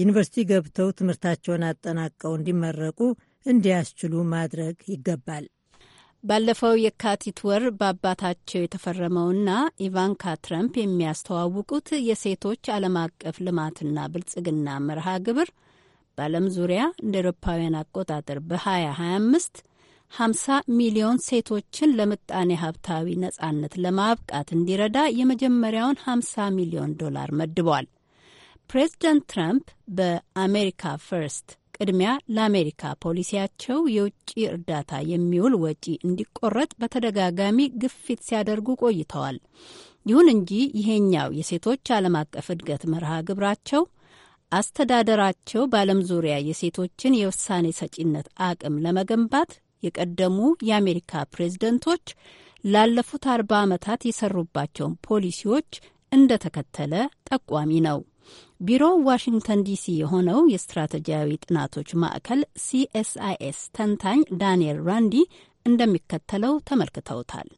ዩኒቨርሲቲ ገብተው ትምህርታቸውን አጠናቀው እንዲመረቁ እንዲያስችሉ ማድረግ ይገባል። ባለፈው የካቲት ወር በአባታቸው የተፈረመውና ኢቫንካ ትረምፕ የሚያስተዋውቁት የሴቶች ዓለም አቀፍ ልማትና ብልጽግና መርሃ ግብር በዓለም ዙሪያ እንደ ኤሮፓውያን አቆጣጠር በ2025 50 ሚሊዮን ሴቶችን ለምጣኔ ሀብታዊ ነጻነት ለማብቃት እንዲረዳ የመጀመሪያውን 50 ሚሊዮን ዶላር መድቧል። ፕሬዚደንት ትራምፕ በአሜሪካ ፈርስት ቅድሚያ ለአሜሪካ ፖሊሲያቸው የውጭ እርዳታ የሚውል ወጪ እንዲቆረጥ በተደጋጋሚ ግፊት ሲያደርጉ ቆይተዋል። ይሁን እንጂ ይሄኛው የሴቶች ዓለም አቀፍ እድገት መርሃ ግብራቸው አስተዳደራቸው በዓለም ዙሪያ የሴቶችን የውሳኔ ሰጪነት አቅም ለመገንባት የቀደሙ የአሜሪካ ፕሬዝደንቶች ላለፉት አርባ ዓመታት የሰሩባቸውን ፖሊሲዎች እንደተከተለ ጠቋሚ ነው። ቢሮው ዋሽንግተን ዲሲ የሆነው የስትራቴጂያዊ ጥናቶች ማዕከል ሲኤስአይኤስ ተንታኝ ዳንኤል ራንዲ እንደሚከተለው ተመልክተውታል።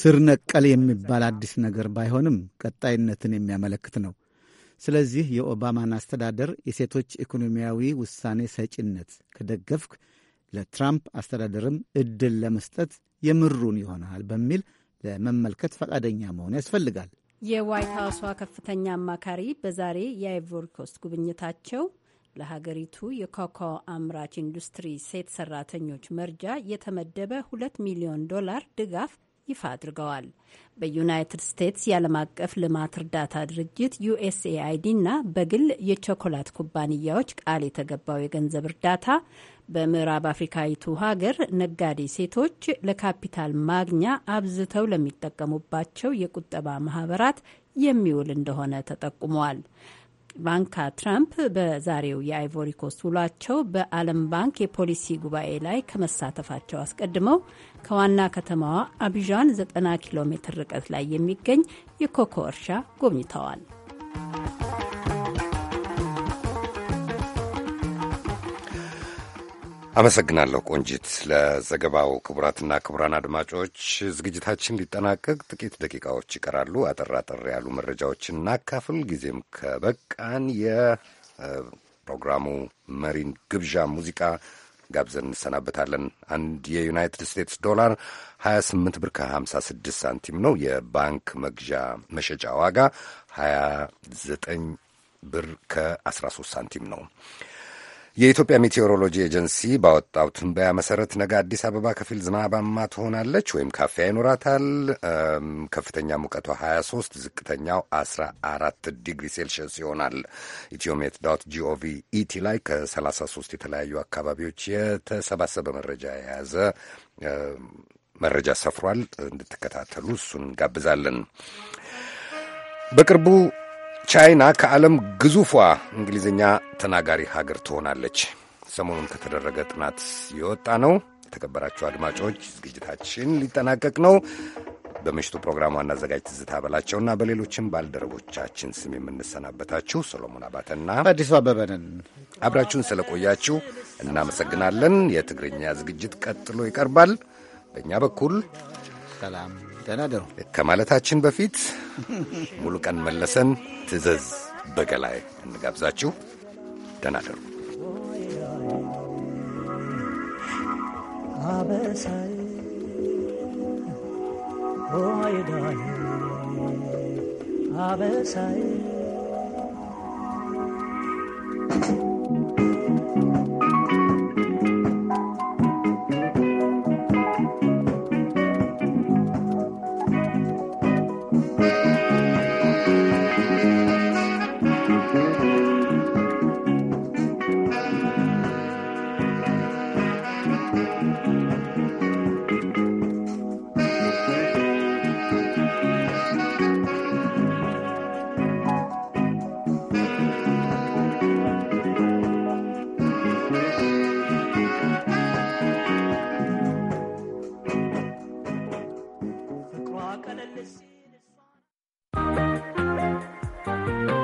ስር ነቀል የሚባል አዲስ ነገር ባይሆንም ቀጣይነትን የሚያመለክት ነው። ስለዚህ የኦባማን አስተዳደር የሴቶች ኢኮኖሚያዊ ውሳኔ ሰጪነት ከደገፍክ ለትራምፕ አስተዳደርም እድል ለመስጠት የምሩን ይሆናል በሚል ለመመልከት ፈቃደኛ መሆን ያስፈልጋል። የዋይት ሀውሷ ከፍተኛ አማካሪ በዛሬ የአይቮሪ ኮስት ጉብኝታቸው ለሀገሪቱ የኮኮ አምራች ኢንዱስትሪ ሴት ሰራተኞች መርጃ የተመደበ ሁለት ሚሊዮን ዶላር ድጋፍ ይፋ አድርገዋል። በዩናይትድ ስቴትስ የዓለም አቀፍ ልማት እርዳታ ድርጅት ዩኤስኤአይዲ እና በግል የቾኮላት ኩባንያዎች ቃል የተገባው የገንዘብ እርዳታ በምዕራብ አፍሪካዊቱ ሀገር ነጋዴ ሴቶች ለካፒታል ማግኛ አብዝተው ለሚጠቀሙባቸው የቁጠባ ማህበራት የሚውል እንደሆነ ተጠቁመዋል። ኢቫንካ ትራምፕ በዛሬው የአይቮሪ ኮስት ውሏቸው በዓለም ባንክ የፖሊሲ ጉባኤ ላይ ከመሳተፋቸው አስቀድመው ከዋና ከተማዋ አቢዣን 90 ኪሎ ሜትር ርቀት ላይ የሚገኝ የኮኮ እርሻ ጎብኝተዋል። አመሰግናለሁ ቆንጂት ለዘገባው። ክቡራትና ክቡራን አድማጮች ዝግጅታችን ሊጠናቀቅ ጥቂት ደቂቃዎች ይቀራሉ። አጠር አጠር ያሉ መረጃዎችን እናካፍል። ጊዜም ከበቃን የፕሮግራሙ መሪን ግብዣ ሙዚቃ ጋብዘን እንሰናበታለን። አንድ የዩናይትድ ስቴትስ ዶላር 28 ብር ከ56 ሳንቲም ነው። የባንክ መግዣ መሸጫ ዋጋ 29 ብር ከ13 ሳንቲም ነው። የኢትዮጵያ ሜቴዎሮሎጂ ኤጀንሲ ባወጣው ትንበያ መሰረት ነገ አዲስ አበባ ከፊል ዝናባማ ትሆናለች ወይም ካፊያ ይኖራታል። ከፍተኛ ሙቀቷ 23፣ ዝቅተኛው 14 ዲግሪ ሴልሽየስ ይሆናል። ኢትዮሜት ዶት ጂኦቪ ኢቲ ላይ ከ33 የተለያዩ አካባቢዎች የተሰባሰበ መረጃ የያዘ መረጃ ሰፍሯል። እንድትከታተሉ እሱን እንጋብዛለን። በቅርቡ ቻይና ከዓለም ግዙፏ እንግሊዝኛ ተናጋሪ ሀገር ትሆናለች። ሰሞኑን ከተደረገ ጥናት የወጣ ነው። የተከበራችሁ አድማጮች ዝግጅታችን ሊጠናቀቅ ነው። በምሽቱ ፕሮግራም ዋና አዘጋጅ ትዝታ በላቸውና በሌሎችም ባልደረቦቻችን ስም የምንሰናበታችሁ ሰሎሞን አባተና አዲሱ አበበንን አብራችሁን ስለቆያችሁ እናመሰግናለን። የትግርኛ ዝግጅት ቀጥሎ ይቀርባል። በእኛ በኩል ሰላም ከማለታችን በፊት ሙሉ ቀን መለሰን ትዕዘዝ በገላይ እንጋብዛችሁ። ደህና ደሩ። አበሳይ